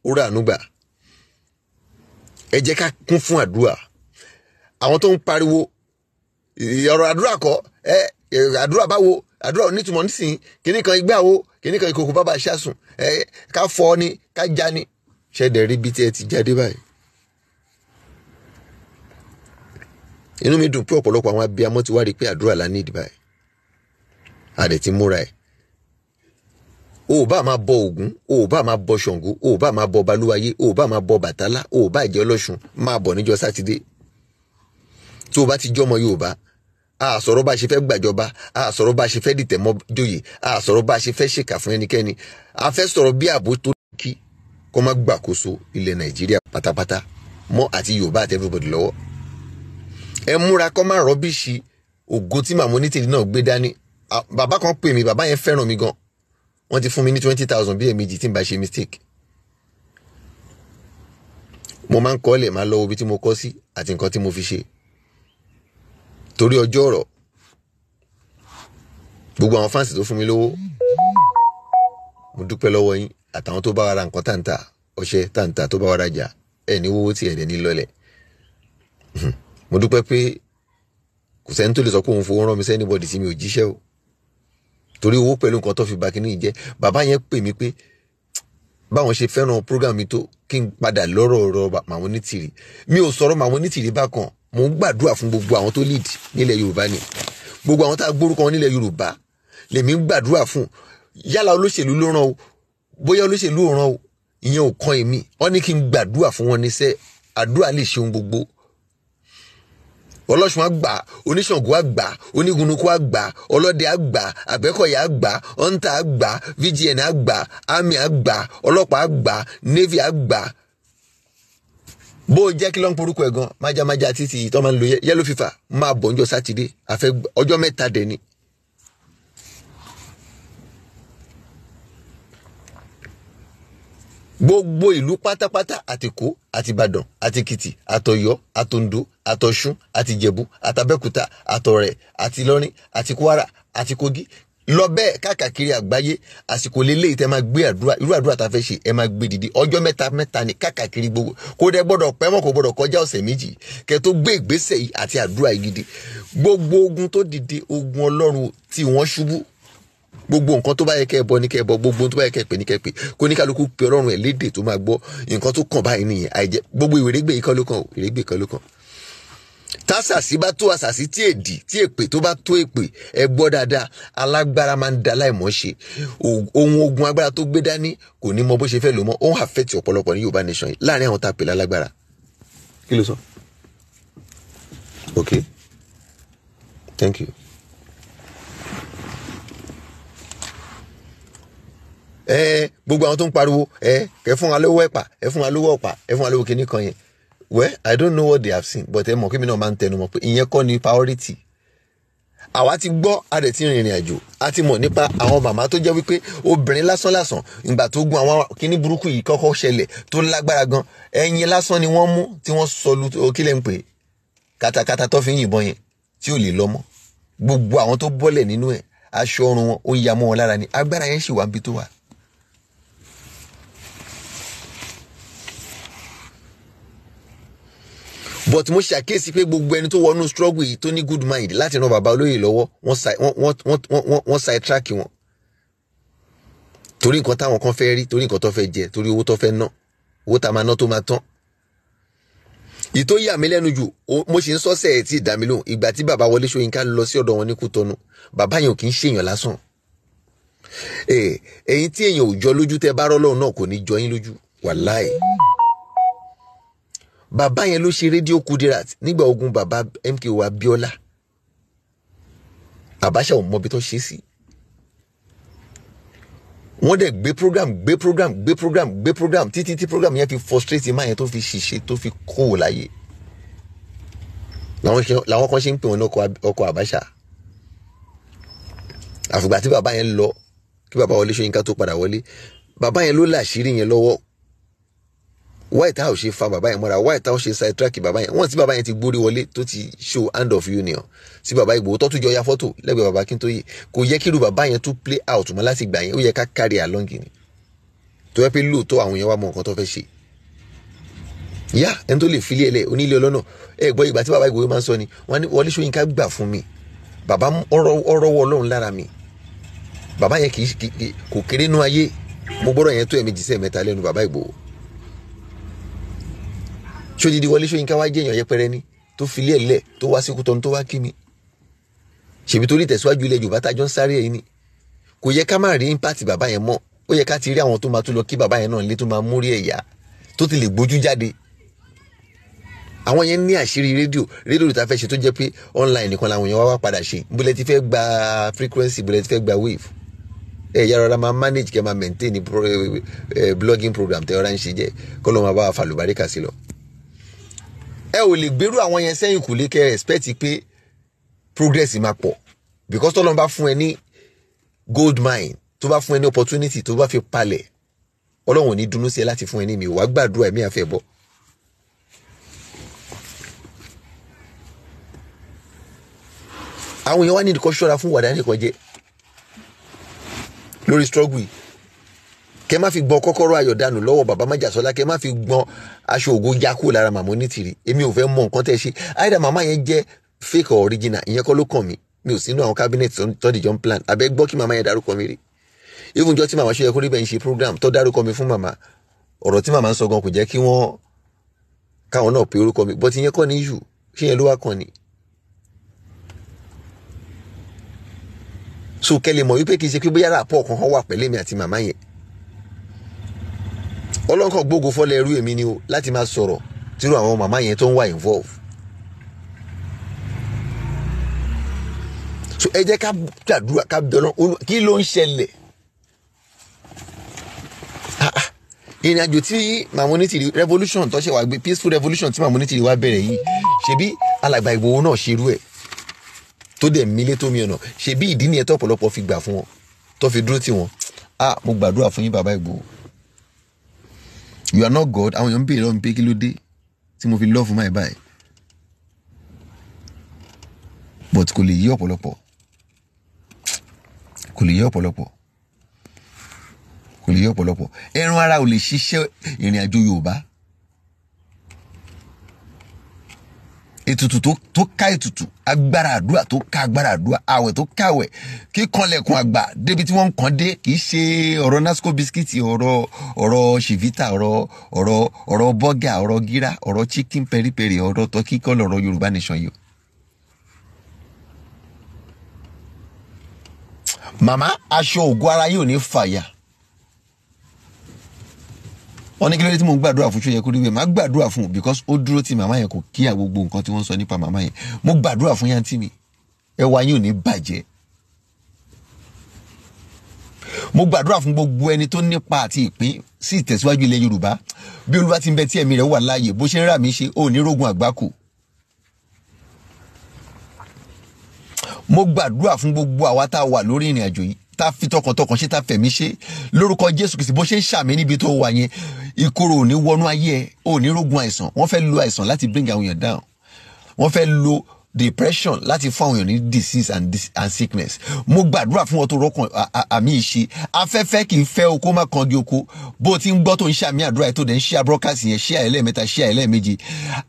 [SPEAKER 1] ó rà ànúgbà ẹ jẹ́ ká kún fún àdúrà àwọn tó ń pariwo ọ̀rọ̀ àdúrà kọ́ ẹ àdúrà báwo àdúrà onítùmọ̀ nísìnyí kìnnì kan ìgbéyàwó kìnnì kan ìkòkò bàbá ṣàsùn ẹ ká fọ ni ká já ni ṣẹ̀dẹ̀ rí bí tí ẹ ti jáde báyìí. inú mi dùn pé ọ̀pọ̀lọpọ̀ àwọn abiyamọ ti wá rí i pé àdúrà la ní ìdìbà yìí àdè ti múra ẹ̀ o ò bá máa bọ Ògún o ò bá máa bọ Ṣàngó o ò bá máa bọ Balúwayé o ò bá máa bọ Bàtálá o ò bá jẹ́ Ọlọ́ṣun máa bọ̀ níjọ́ sátidé tó o bá ti jọmọ Yorùbá a sọ̀rọ̀ bá a ṣe fẹ́ gbàjọba a sọ̀rọ̀ bá a ṣe fẹ́ dìtẹ̀ mọ́ joyè a sọ̀rọ̀ bá a ṣe fẹ́ ṣèkà fún ẹnikẹ́ni a fẹ́ sọ̀rọ̀ bí ààbò tó kí kó má gbàkóso ilẹ̀ nàìjíríà pátápátá mọ́ àti yorùbá àti everybody lọ́wọ́ ẹ múra kọ́ má rọ́bìṣì ògo tí màmú onítìrí náà gbé dání bàbá kan pè mí bàbá yẹn fẹ́ràn mi gan wọ́n ti fún mi ní twenty thousand bí èmi jì tí n bá ṣe mistake mo máa ń kọ́ lè máa lọ torí ọjọ́ ọ̀rọ̀ gbogbo àwọn fáǹsì tó fún mi lówó mo dúpẹ́ lọ́wọ́ yín àtàwọn tó bá wa ra nǹkan tàǹtà ọṣẹ tàǹtà tó bá wa rajà ẹ̀ ní wọ́wọ́ tí ẹ̀ dẹ̀ ní lọ́lẹ̀ mo dúpẹ́ pé kò sẹ́ni tó lè sọ pé òun fowó rán mi sẹ́ni bọ́dì tí mi ò jíṣẹ́ o torí owó pẹ̀lú nǹkan tó fi ba kínní jẹ́ bàbá yẹn pè mí pé báwọn ṣe fẹ́ràn program mi tó kí n padà lọ́rọ̀ ọ̀rọ̀ màwọn nítìrì mi ò sọ̀rọ̀ màwọn nítìrì bákan mò ń gbàdúrà fún gbogbo àwọn tó lead nílẹ̀ yorùbá ni gbogbo àwọn tá a gbórúkọ wọn nílẹ̀ yorùbá lèmi ń gbàdúrà fún yálà olóṣèlú ló ràn o bóyá olóṣèlú ò ràn o ìyẹn ò kan èmi wọn ní kí n gbàdúrà fún wọn níṣẹ́ àdúrà lè ṣe ohun gbogbo ọlọ́ṣun àgbà oníṣàngó àgbà onígunnukú àgbà ọlọ́dẹ àgbà àbẹ́kọ̀yà àgbà ọ̀ǹtà àgbà vgn àgbà army àgbà ọlọ́pàá àgbà navy àgbà bó o jẹ́ kí ló ń porúkọ ẹ̀ gan májámájá títí tó máa ń lo yẹ́lò fífà máa bọ̀ ọjọ́ sátidé àfẹ́ ọjọ́ mẹ́ta dẹ̀ ni. gbogbo ìlú pátápátá àtìkó àtìbàdàn àtìkìtì àtọ̀yọ́ àtòǹdó àtọ̀ṣun àtìjẹ̀bú àtàbẹ́kúta àtọ̀rẹ̀ àtìlọrin àti kwara àti kogi lọ bẹ́ẹ̀ káàkiri àgbáyé àsìkò lélẹ́yìí tẹ́ máa gbé àdúrà irú àdúrà tá a fẹ́ ṣe ẹ máa gbé dìde ọjọ́ mẹ́ta mẹ́ta ní káàkiri gbogbo kó dẹ gbọ́dọ̀ pẹ́ mọ́ kó gbọ́dọ̀ kọjá ọ̀sẹ̀ méjì kẹ́ tó gbé ìgbésẹ̀ yìí àti àdúrà yìí gidi gbogbo ogun tó dìde ogun ọlọ́run tí wọ́n ṣubú gbogbo nǹkan tó bá yẹ kẹ́ bọ ní kẹ́ bọ gbogbo tó bá yẹ kẹ́ pè ní kẹ́ pè kó ní kálukú pe ọlọ́run ẹ̀ léde tó máa gbọ́ nǹkan tó kàn báyìí nìyẹn àìjẹ́ gbogbo ìwérégbè yìí kọ́ ìwérégbè kọ́ tásàsí bá tó àsàsí tí èdì tí èpè tó bá tó èpè ẹ gbọ́ dáadáa alágbára máa ń da láìmọ̀ ṣe ohun ogun agbára tó gbé dání kò ní mọ bó ṣe fẹ́ lò mọ́ ó ń àfẹ́tì ọ̀pọ̀lọpọ̀ ní Yorùbá nation yìí láàrin àwọn tá a pè lálágbára. kí ló sọ. ok thank you. ẹ gbogbo àwọn tó ń pariwo ẹ kẹ fún wa lówó ẹ̀pà ẹ fún wa lówó ọ̀pà ẹ fún wa lówó kinní kan yẹn well i don't know what they have seen but ẹ mọ̀ kí mi náà máa ń tẹnu mọ́ pé ìyẹn kọ́ ni priority àwa ti gbọ́ a dẹ̀ ti rìnrìn àjò a ti mọ̀ nípa àwọn màmá tó jẹ́ wípé obìnrin lásán lásán ìgbà tó gun àwọn kíní burúkú yìí kọ́kọ́ ṣẹlẹ̀ tó lágbára gan ẹyin lásán ni wọ́n mú tí wọ́n sọlu kílẹ̀ ń pè katakata tó fi ń yìnbọn yẹn tí ò lè lọ mọ́ gbogbo àwọn tó bọ́lẹ̀ nínú ẹ̀ aṣọ ọrùn wọn ó ya mọ́ wọn lára ni agbára yẹn sì wà níbi tó wà but mo ṣàkíyèsí pé gbogbo ẹni tó wọnú struggle yìí tó ní good mind láti ran bàbá olóyè lọ́wọ́ wọ́n side track wọn torí nǹkan táwọn kan fẹ́ rí torí nǹkan tó fẹ́ jẹ torí owó tó fẹ́ ná owó tá a máa ná tó máa tán ìtò yà mí lẹ́nu jù mo sì ń sọ́sẹ̀ ẹ̀ tí ì dá mi lóhùn ìgbà tí bàbá Wọlé Ṣóyínká lọ sí ọ̀dọ̀ wọn ní Kútọ́nù bàbá yẹn ò kì í ṣèyàn lásán ẹ̀yin tí èèyàn ò jọ lójú tẹ bá rọ́ lọ́hùn náà kò ní jọ yín lójú wàláì bàbá yẹn ló ṣe rédíò Kudirat nígbà ogun bàbá wa biola Abacha ò mọbi tó ṣe sí wọ́n dẹ̀ gbé program gbé program gbé program gbé program títí tí program yẹn fi frustrate máa yẹn tó fi ṣìṣe tó fi kó o láyè làwọn kan ṣe ń pè wọn ní ọkọ Abacha àfìgbà tí bàbá yẹn lọ kí bàbá wọlé Ṣóyínká tó padà wọlé bàbá yẹn ló láṣìírí yẹn lọ́wọ́ white house ṣe fa bàbá yẹn mọ́ra white house ṣe side track bàbá yẹn wọ́n ti bàbá yẹn ti gbórí wọlé tó ti show hand of union sí bàbá Ìgbòho tó tún jọ ya fọ́tò lẹ́gbẹ̀ẹ́ bàbá Akíntóyè kò yẹ kí irú bàbá yẹn tún play out mọ́ láti gbà yẹn ó yẹ ká carry along ni tó yẹ pé lóòótọ́ àwọn yẹn wá mọ nǹkan tó fẹ́ ṣe yá ẹni tó lè filé ẹlẹ onílé ọlọ́nà ẹ gbọ́ ìgbà tí bàbá Ìgbòho máa ń sọ ni Wọlé Ṣóyínká gbà fún mi ṣódìdí Wọlé Ṣóyínká wá jẹ́ èèyàn yẹpẹrẹ ni tó filé ẹ̀ lẹ̀ tó wá sí Kútọ́nù tó wá kí mi ṣèbí torí tẹ̀síwájú ilẹ̀ Yorùbá tá a jọ ń sáré yìí ni kò yẹ ká má rí impact bàbá yẹn mọ́ ó yẹ ká ti rí àwọn tó máa tún lọ kí bàbá yẹn náà lé tó máa múrí ẹ̀yà tó ti lè gbójú jáde àwọn yẹn ní àṣírí rédíò rédíò tá a fẹ́ ṣe tó jẹ́ pé online nìkan làwọn yẹn wá wá padà ṣe bóyá ti fẹ́ gba frequency bóyá ti fẹ́ gba wave ẹ yára ọ̀rá máa manage kẹ́ máa maintain eh, blogging program tẹ́ ọ̀rá ń ṣe jẹ́ kọ́ ló máa bá wa fàlùbáríkà sí lọ ẹ ò lè gbèrú àwọn yẹn sẹ́yìn kù lè kẹ́ respect pé progress máa pọ̀ because tọ́lọ́n bá fún ẹ ní gold mine tó bá fún ẹ ní opportunity tó bá fi palẹ̀ ọlọ́run ò ní dunú sí ẹ láti fún ẹ ní mi wàá gbàdúrà ẹ̀mí àfẹ́ bọ́. àwọn èèyàn wá ní ìdíkọ́ ṣọ́ra fún wàdánìkan jẹ lórí struggle yìí kẹ́ má fi gbọ́n kọ́kọ́rọ́ ayọ̀ dànù lọ́wọ́ bàbá májàsọ́lá kẹ́ má fi gbọ́n aṣọ ògo já kúrò lára màmá onítìrí èmi ò fẹ́ mọ nǹkan tẹ́ ṣe àìdá màmá yẹn jẹ́ fake or original ìyẹn kọ́ ló kàn mí mi ò sínú àwọn cabinet tọ́dìjọ́ ń plan àbẹ́ gbọ́ kí màmá yẹn dárúkọ mi rí even jọ́ tí màmá ṣe yẹ kó rí bẹ́ẹ̀ ń ṣe program tó dárúkọ mi fún màmá ọ̀rọ̀ tí màmá ń sọ gan kò jẹ́ kí wọ́n káwọn náà pe orúkọ mi bọ́tí yẹn kọ́ ní yù ṣé yẹn ló wá kàn ọlọ́kàn gbógo fọ́lẹ̀ ẹrú èmi ni o láti máa sọ̀rọ̀ tírú àwọn màmá yẹn tó ń wà involve. so ẹ jẹ́ ká gbàdúrà ká bẹ̀rẹ̀ kí ló ń ṣẹlẹ̀ ah, ah. ìrìn àjò tí Màmá revolution tó ṣe wá gbé peaceful revolution tí Màmá Onítìrí wá bẹ̀rẹ̀ yìí ṣebí alàgbà Ìgbòho náà ṣerú ẹ̀ tó dẹ̀ mílé tó mi ọ̀nà ṣebí ìdí nìyẹn tó ọ̀pọ̀lọpọ̀ fi gbà fún wọn tó fi dúró tì wọ́n ah mo gbàdúrà fún yín bàbá Ìgbòho you are not God àwọn èèyàn ń béèrè lọ́wọ́ mi pé kí ló dé tí mo fi love my báyìí but kò lè yí ọ̀pọ̀lọpọ̀ kò lè yí ọ̀pọ̀lọpọ̀ kò lè yí ọ̀pọ̀lọpọ̀ ẹran ara ò lè ṣiṣẹ́ ìrìn àjò Yorùbá ètùtù tó ká ètùtù agbára àdúrà tó ká agbára àdúrà àwẹ̀ tó káwẹ̀ kíkanlẹ̀kùn àgbà débi tí wọ́n ń kàn dé kì ṣe ọ̀rọ̀ nasco bisikíìtì ọ̀rọ̀ ọ̀rọ̀ chivita ọ̀rọ̀ ọ̀rọ̀ ọ̀rọ̀ bọ́gà ọ̀rọ̀ gíra ọ̀rọ̀ chicken periperi ọ̀rọ̀ tọ́kí kọ́lọ̀ ọ̀rọ̀ Yorùbá nation yìí. màmá aṣọ ògo ara yìí ò ní fàyà wọ́n ní kí ló dé tí mò ń gbàdúrà fún ṣóyẹ kó rí bẹ́ẹ̀ má gbàdúrà fún un because ó dúró ti màmá yẹn kò kíyà gbogbo nǹkan tí wọ́n sọ nípa màmá yẹn mo gbàdúrà fún yàntí mi ẹwà yín ò ní bàjẹ́ mo gbàdúrà fún gbogbo ẹni tó nípa àti ìpín sí ìtẹ̀síwájú ilẹ̀ Yorùbá bí Olúwa ti ń bẹ tí ẹ̀mí rẹ̀ wà láàyè bó ṣe ń rà mí ṣe ò ní rógun àgbákò mo gbàdúrà fún gbogbo àwa tá a wà lórí ìrìn àjò yìí tá fi tọkàntọkàn ṣe tá fẹ̀mí ṣe lórúkọ jésù kìsì bó ṣe ń ṣàmì níbi tó wà yẹn ìkorò ò ní wọnú ayé ẹ ò ní rógun àìsàn wọ́n fẹ́ lo àìsàn láti bring àwọn èèyàn down wọ́n fẹ́ lo depression láti fún àwọn èèyàn ní disease and, and sickness mo gbàdúrà fún wọn tó rọkàn àmì ìṣe afẹ́fẹ́ kì í fẹ́ oko má kan di oko bó o ti ń gbọ́ tó ń ṣe àmì àdúrà yẹn tó dẹ̀ ń ṣe abúrọ́kàsì yẹn ṣe àìlẹ́mẹ́ta ṣe àìlẹ́mẹ́je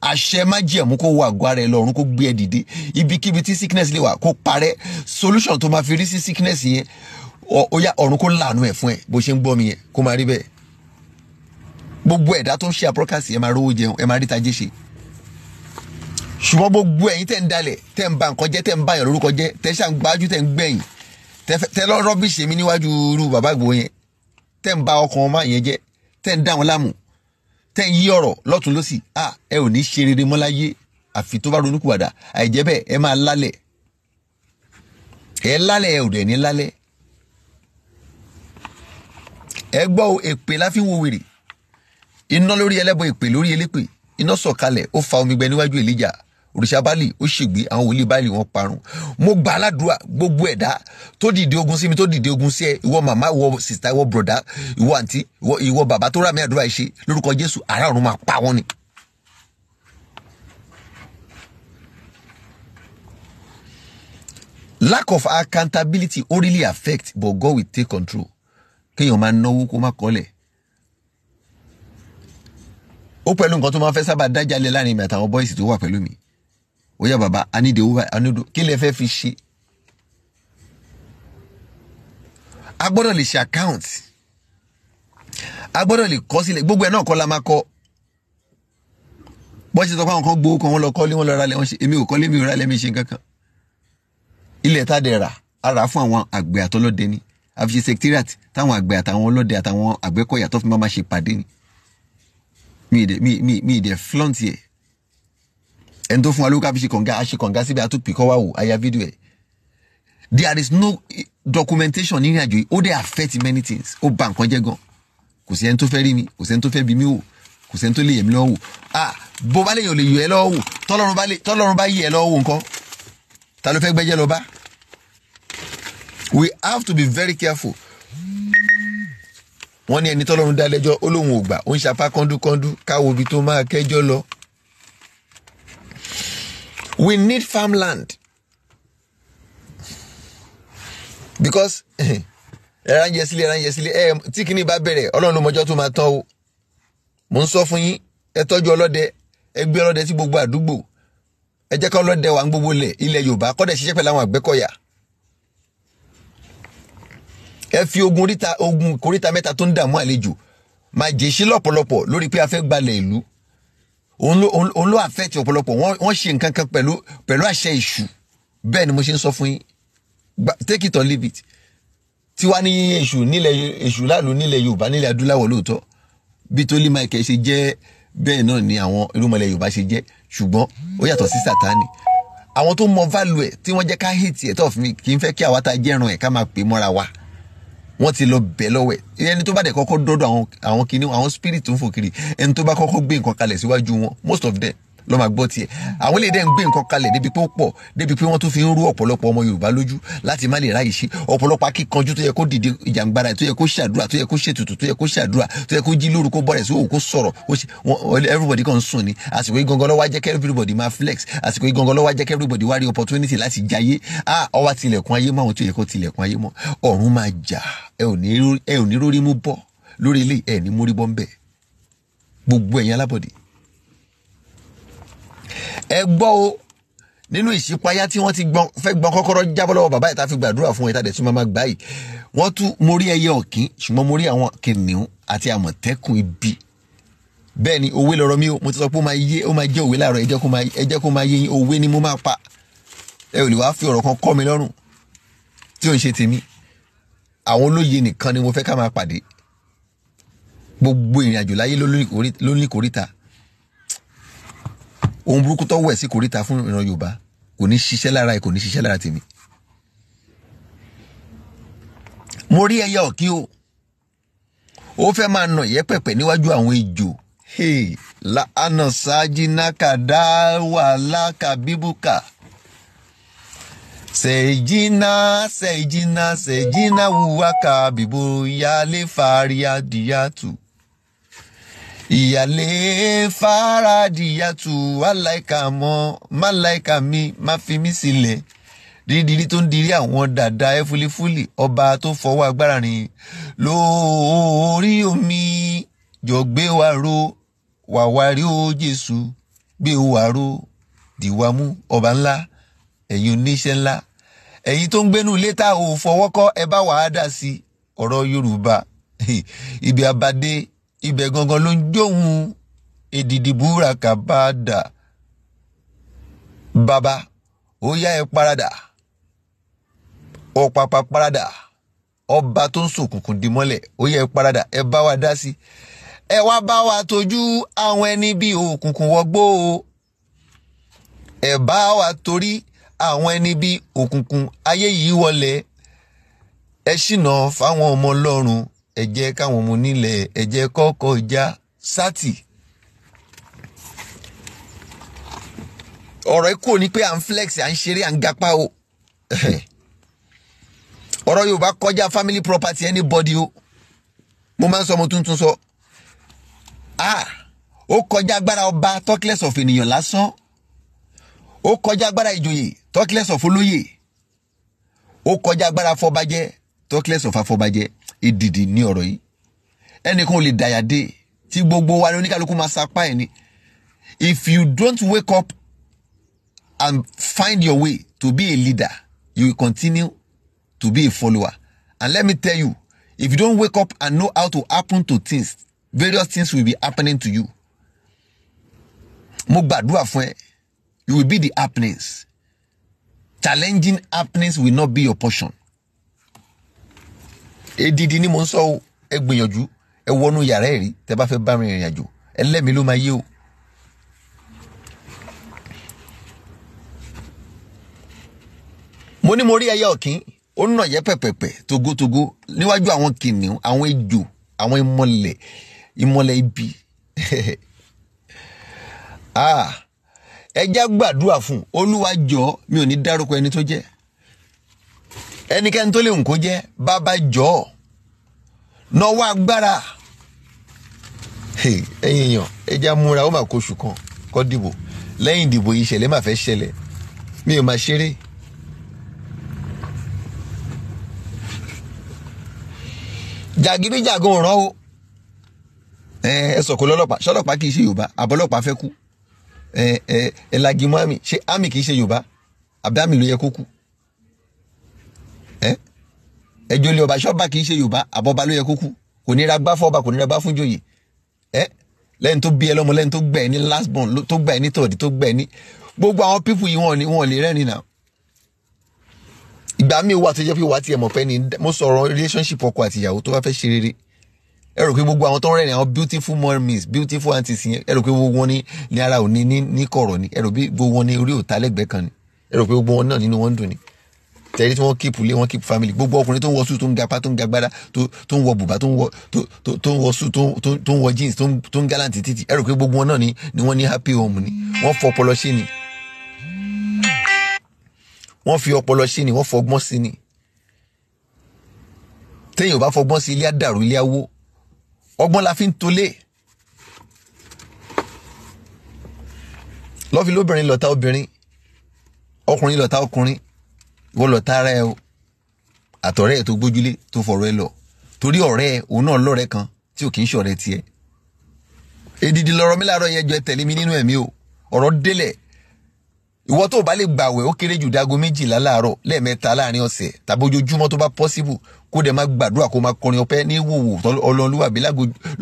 [SPEAKER 1] àṣẹ má jẹ̀mú kó wọ àgọ́ ara ẹ lọ́run kó gbé ẹ dìde ibikíbi tí sickness lè wà kó parẹ́ solution tó máa fi rí sí sickness yẹn ó yá ọ̀run kó láàánú ẹ̀ fún ẹ bó ṣe ń gbọ́ mi yẹn kó máa rí bẹ́ẹ̀ gbogbo ẹ̀dá tó ń ṣe abúrọ́kàsì ẹ máa rówó jẹun ẹ máa rí tajé ṣe ṣùgbọ́n gbogbo ẹ̀yin tẹ̀ ń dalẹ̀ tẹ̀ ń ba nǹkan jẹ́ tẹ̀ ń ba yàn lórúkọ jẹ́ tẹ̀ ṣàn gbájú tẹ̀ ń gbẹ̀yìn tẹ̀ lọ rọ́bìṣì mi níwájú irú bàbá Ìgbòho yẹn tẹ̀ ń ba ọkàn ọmọ yẹn jẹ́ tẹ̀ ń dá wọn láàmú tẹ̀ ń yí ọ̀rọ̀ lọ́tún lọ́sì à ẹ ò ní ṣe rere mọ́ láyé àfi tó bá ronúkúwàdà àìjẹ́ bẹ́ẹ̀ ẹ máa lálẹ̀ ẹ lálẹ̀ ẹ ò dẹ̀ ní lálẹ̀ ẹ gbọ́ èpè láfi ń wo wèrè iná lórí ẹlẹ́bọ èpè lórí elépè iná sọ̀kalẹ̀ ó fa omi gbẹ níwájú Èlíjà òrìṣà báàlì ó ṣègbé àwọn wòlíì báàlì wọn parun mo gbà aládùúrà gbogbo ẹ̀dá tó dìde ogun sí mi tó dìde ogun sí ẹ ìwọ màmá ìwọ sìsítà ìwọ bùrọ̀dá ìwọ àǹtí ìwọ bàbá tó rà mí àdúrà yìí lórúkọ Jésù ará ọ̀run máa pa wọ́n ni. lack of accountability ó really affect but God will take control kéèyàn máa náwó kó má kọ́lẹ̀ ó pẹ̀lú nǹkan tó máa fẹ́ sábà dájálẹ̀ láàrin mi àtàwọn bọ́ìsì tó wà pẹ̀lú mi ó baba, ani a ní de over a ní de kí fi ṣe a gbọ́dọ̀ lè account a le lè kọ sílẹ̀ gbogbo ẹ̀ náà kọ́ la máa kọ́ bọ́ ṣe sọ fún àwọn kan gbowó kan wọ́n lọ kọ́lé wọ́n lọ ralẹ̀ wọ́n ṣe èmi ò kọ́lé mi ò ralẹ̀ mi ṣe nǹkan kan ilẹ̀ tá a dẹ̀ rà a rà fún àwọn àgbẹ̀ àtọlọ́dẹ ni a fi táwọn àgbẹ̀ àtàwọn ọlọ́dẹ àtàwọn àgbẹ̀kọ̀yà tó fi máa ma ṣe pàdé ni mi ì dẹ̀ mi ì dẹ̀ flaunt yẹ̀ ẹni tó fún wa lówó ká fi ṣe kànga a ṣe kànga síbi àtúpì kọ́ wa wò àyà fídíò there is no eh, documentation in here. Oh, they dẹ̀ affect many things Oh, bank, nǹkan jẹ́ gan kò sí ẹni tó fẹ́ rí mi you sí ẹni tó fẹ́ bí kò sẹ́ni lè yẹ̀ lọ́wọ́ ah bó bá lè yàn lè yọ ẹ lọ́wọ́ wò tọ́lọ́run bá lè tọ́lọ́run yẹ ẹ lọ́wọ́ nǹkan ta ló fẹ́ gbẹ́jẹ́ lọ bá. we have to be very careful. wọ́n ní ẹni tọ́lọ́run dá lẹ́jọ́ ó lóun ò gbà ó ń sapá kọ́ńdúkọ́ńdú káwo ibi tó máa kẹ́jọ́ lọ. We need farmland. Because ẹ̀rọ ń yẹ sílé ẹ̀rọ tí kìíní bá bẹ̀rẹ̀ ọlọ́run ló tó máa tán o. Mo ń sọ fún yín ẹ tọ́jú ọlọ́dẹ ẹ ọlọ́dẹ sí gbogbo àdúgbò ẹ jẹ́ ká ọlọ́dẹ wà ń gbogbo lẹ̀ ilẹ̀ Yorùbá kọ́dẹ̀ ṣiṣẹ́ pẹ̀lú àwọn àgbẹ̀kọ̀yà. Ẹ fi ogun ogun kòríta mẹ́ta tó ń dààmú àlejò máa jèṣí lọ́pọ̀lọpọ̀ lórí pé a fẹ́ gbalẹ̀ ìlú òun ló òun ló affect ọ̀pọ̀lọpọ̀ wọ́n ṣe nǹkan kan pẹ̀lú pẹ̀lú àṣẹ ìṣù bẹ́ẹ̀ ni mo ṣe ń sọ fún yín take it or leave it tiwa ní èṣù nílẹ̀ èṣù láàlú nílẹ̀ Yorùbá nílẹ̀ adúláwọ̀ lóòótọ́ bí Tolú Michael ṣe jẹ́ bẹ́ẹ̀ náà ni àwọn irúnmọlẹ̀ Yorùbá ṣe jẹ́ ṣùgbọ́n ó yàtọ̀ sí Sátánì àwọn tó mọ value ẹ̀ tí wọ́n jẹ́ ká hate ẹ̀ tó fi kì í fẹ́ kí àwa ta jẹ́rùn ẹ̀ ká máa pè mọ́ra wa wọ́n ti lọ bẹ̀ lọ́wẹ̀ ẹni tó bá dẹ̀ kọ́kọ́ dọ́dọ̀ àwọn kìnìún àwọn spirit tó ń fò kiri ẹni tó bá kọ́kọ́ gbé nǹkan kalẹ̀ síwájú wọn most of them ló máa gbọ́ tiẹ̀ àwọn ilé dẹ́ gbé nǹkan kalẹ̀ débi pé ó pọ̀ débi pé wọ́n tún fi ń rú ọ̀pọ̀lọpọ̀ ọmọ Yorùbá lójú láti má lè ráyè ṣe ọ̀pọ̀lọpọ̀ akíkanjú tó yẹ kó dìde ìjàngbara tó yẹ kó ṣàdúrà tó yẹ kó ṣètùtù tó yẹ kó ṣàdúrà tó yẹ kó jí lóru kó bọ̀rẹ̀ sí òun kó sọ̀rọ̀ everybody kan sùn ni àsìkò yìí gangan ló wá jẹ́ kí everybody máa flex àsìkò yìí gangan ló wá jẹ́ kí everybody wá rí opportunity láti jayé ah ọwá tilẹ̀kùn ayé máa wọn tó yẹ kó tilẹ̀kùn ayé mọ́ ọ̀run máa jà ẹ ò ní rórí mú bọ́ lórí ilé ẹ ní mórí bọ́ ń bẹ̀ gbogbo ẹ̀yin alábọ̀dé ẹ gbọ́ o nínú ìṣípayá tí wọ́n ti fẹ́ gbọ́n kọ́kọ́rọ́ jábọ́ lọ́wọ́ bàbá ìta fi gbàdúrà fún ìta dẹ̀tún máma gbà yìí wọ́n tún mo rí ẹyẹ ọ̀kín ṣùgbọ́n mo rí àwọn kìnìún àti àmọ̀tẹ́kùn ibi bẹ́ẹ̀ ni òwe lọ̀rọ̀ mi o mo ti sọ pé ó máa yé ó máa jẹ́ òwe láàárọ̀ ẹ kó máa yé yín òwe ni mo máa pa ẹ ò lè wáá fi ọ̀rọ̀ kan kọ́ mi lọ́rùn tí ò ń ṣe tèmi àwọn olóye nìkan ni mo fẹ́ ká máa pàdé gbogbo ìrìn láyé ló kòríta ohun burúkú tó wẹ̀ sí kòríta fún ìran Yorùbá kò ní ṣiṣẹ́ lára ẹ̀ kò ní ṣiṣẹ́ lára tèmi. mo rí ẹyẹ ọ̀kí o ó fẹ́ máa nà yẹ́ pẹ̀pẹ̀ níwájú àwọn ejò lánà ṣáájí náka dá wàhálà ka bíbùkà sẹ̀jìnà sẹ̀jìnà sẹ̀jìnà wùwákà bìbò yálé fàárí adìyàtù ìyàlẹ́ fàràdìyàtù aláìka mọ́ máláìka mi má fi mí sílẹ̀ dídírí tó ń dirí àwọn dàda ẹfúlifúli ọba tó fọwọ́ agbára rìn lórí omi jọ gbé wa ro wàwárí ó jésù gbé wa ro dìwa mú ọba ńlá ẹ̀yin oníṣẹ́ ńlá ẹ̀yin tó ń gbénu létà ò fọwọ́ kọ́ ẹ bá wàá dà sí ọ̀rọ̀ yorùbá (laughs) ibi abadé ibẹ̀ gangan ló ń jóhun èdìdì búraka bá dà bàbá ó yá ẹ paradà ọ̀pàpà paradà ọba tó ń sòkùnkùn di mọ́lẹ̀ ó yá ẹ paradà ẹ bá wa dá sí ẹ wá bá wa tọ́jú àwọn ẹni bíi òkùnkùn wọgbó o ẹ bá wa torí àwọn ẹni bíi òkùnkùn ayé yìí wọlé ẹ ṣìnà fáwọn ọmọ ọlọ́run ẹ jẹ́ káwọn ọmọ onílẹ̀ ẹ jẹ́ kọ́kọ́ já sátì. ọ̀rọ̀ kò ní pé à ń flex à ń ṣeré à ń gapá o (laughs) ọ̀rọ̀ Yorùbá kọjá family property anybody o mo máa ń sọ mo tuntun sọ ah ó kọjá agbára ọba talkless of ènìyàn lásán ó kọjá agbára ìjòyè talkless of olóyè ó kọjá agbára afọbajẹ talkless of ìdìdì ní ọ̀rọ̀ yìí ẹnìkan ò lè dàyà dé tí gbogbo wa ní oníkálukú máa sapá ẹ̀ ni if you don't wake up and find your way to be a leader you will continue to be a follower and let me tell you if you don't wake up and know how to happen to things various things will be happening to you mo gbàdúrà fún ẹ you will be the happenings challenging happenings will not be your portion èdìdì ni mò ń sọ o ẹ gbìyànjú ẹ wọnú yàrá ẹ rí tẹ bá fẹ́ bá mi rìnrìn àjò ẹlẹ́mìí ló máa yé o. mo ní mo rí ẹyẹ ọ̀kín ó nà yẹ pẹ̀pẹ̀pẹ̀ togotogo níwájú àwọn kìnìún àwọn ejò àwọn ìmọ̀lẹ̀ ìmọ̀lẹ̀ ibi (laughs) ah, ẹja gbàdúrà fún olúwa jọ mi ò ní dárúkọ ẹni tó jẹ́ ẹnikẹ́ni tó lè hùn kó jẹ́ bàbá jọ nọwọ́ agbára ẹ̀yin èèyàn ẹja múra ó mà kó oṣù kan kó dìbò lẹ́yìn ìdìbò yìí ṣẹlẹ̀ má fẹ́ ṣẹlẹ̀ mi ò má ṣeré. jàgídíjàgan ọ̀ràn o ẹ sọ̀kò lọ́lọ́pàá ṣọlọ́pàá kì í ṣe yorùbá àbọ̀lọ́pàá fẹ́ kú ẹ ẹ ẹ lagi mọ́ àmì ṣé kì í ṣe yorùbá àbí àmì ló yẹ kó kú ẹjọ́ ilé ọba ṣọ́ba kì í ṣe yorùbá àbọ̀ba ló yẹ kó kú kò ní ra gbá fọ́ba kò ní ra gbá fún joyè ẹ lẹ́yìn tó bí ẹ lọ́mọ lẹ́yìn tó gbà ẹ ní last born tó gbà ẹ ní tọ̀dí tó gbà ẹ ní gbogbo àwọn pípù yìí wọn wọn lè rẹ́rìn náà ìgbà mi wà tó jẹ́ pé wà á tiẹ̀ mọ̀ fẹ́ ni mo sọ̀rọ̀ relationship ọkọ àti ìyàwó tó bá fẹ́ ṣe rere ẹ rò pé gbogbo àwọn tó ń rẹ́rìn àwọn beautiful mummies beautiful aunties yẹn ẹ rò pé gbogbo wọn ní ní ara òní ní kọ̀rọ̀ ni ẹ rò pé gbogbo wọn ní orí òtálẹ́gbẹ̀ẹ́ kan ni ẹ rò pé gbogbo wọn náà nínú wọn dùn ni tẹ̀lé tí wọ́n kíìpù lé wọ́n kíìpù family gbogbo ọkùnrin tó ń wọ suit tó ń ga apá tó ń ga gbádá tó ń wọ bùbá tó ń wọ suit tó ń wọ jeans tó ń gálàǹtì títì ẹ̀rọ pé gbogbo wọn náà ni wọ́n ní happy home ni wọ́n fọ ọpọlọ sí ni wọ́n fi ọpọlọ sí ni wọ́n fọ ọgbọ́n sí ni téèyàn ò bá fọgbọ́n sí ilé àdàrú ilé awó ọgbọ́n la fi ń tolé lọ́fi lóbìnrin lọ́ta obìnrin ọkùnrin lọ́ta ọkùnrin wọ́n lọ tara ẹ o àtọ̀rẹ́ ẹ tó gbójúlé tó fọ̀rọ̀ ẹ lọ torí ọ̀rẹ́ ẹ òun náà lọ́rẹ́ kan tí ò kì í ṣọ̀rẹ́ tiẹ̀ èdìdì lọ́rọ̀ mi láàárọ̀ yẹn jọ ẹ tẹ̀lé mi nínú ẹ̀mí o ọ̀rọ̀ délẹ̀ ìwọ tó o bá lè gbàwẹ̀ ó kéré jù dáago méjìlá láàárọ̀ lẹ́ẹ̀mẹ́ta láàrin ọ̀sẹ̀ tàbí ojoojúmọ́ tó bá pọ́síbù kó dẹ̀ máa gbàdúrà kó máa kọrin ọpẹ́ ní wòwò ọlọ́ọ̀lúwàbí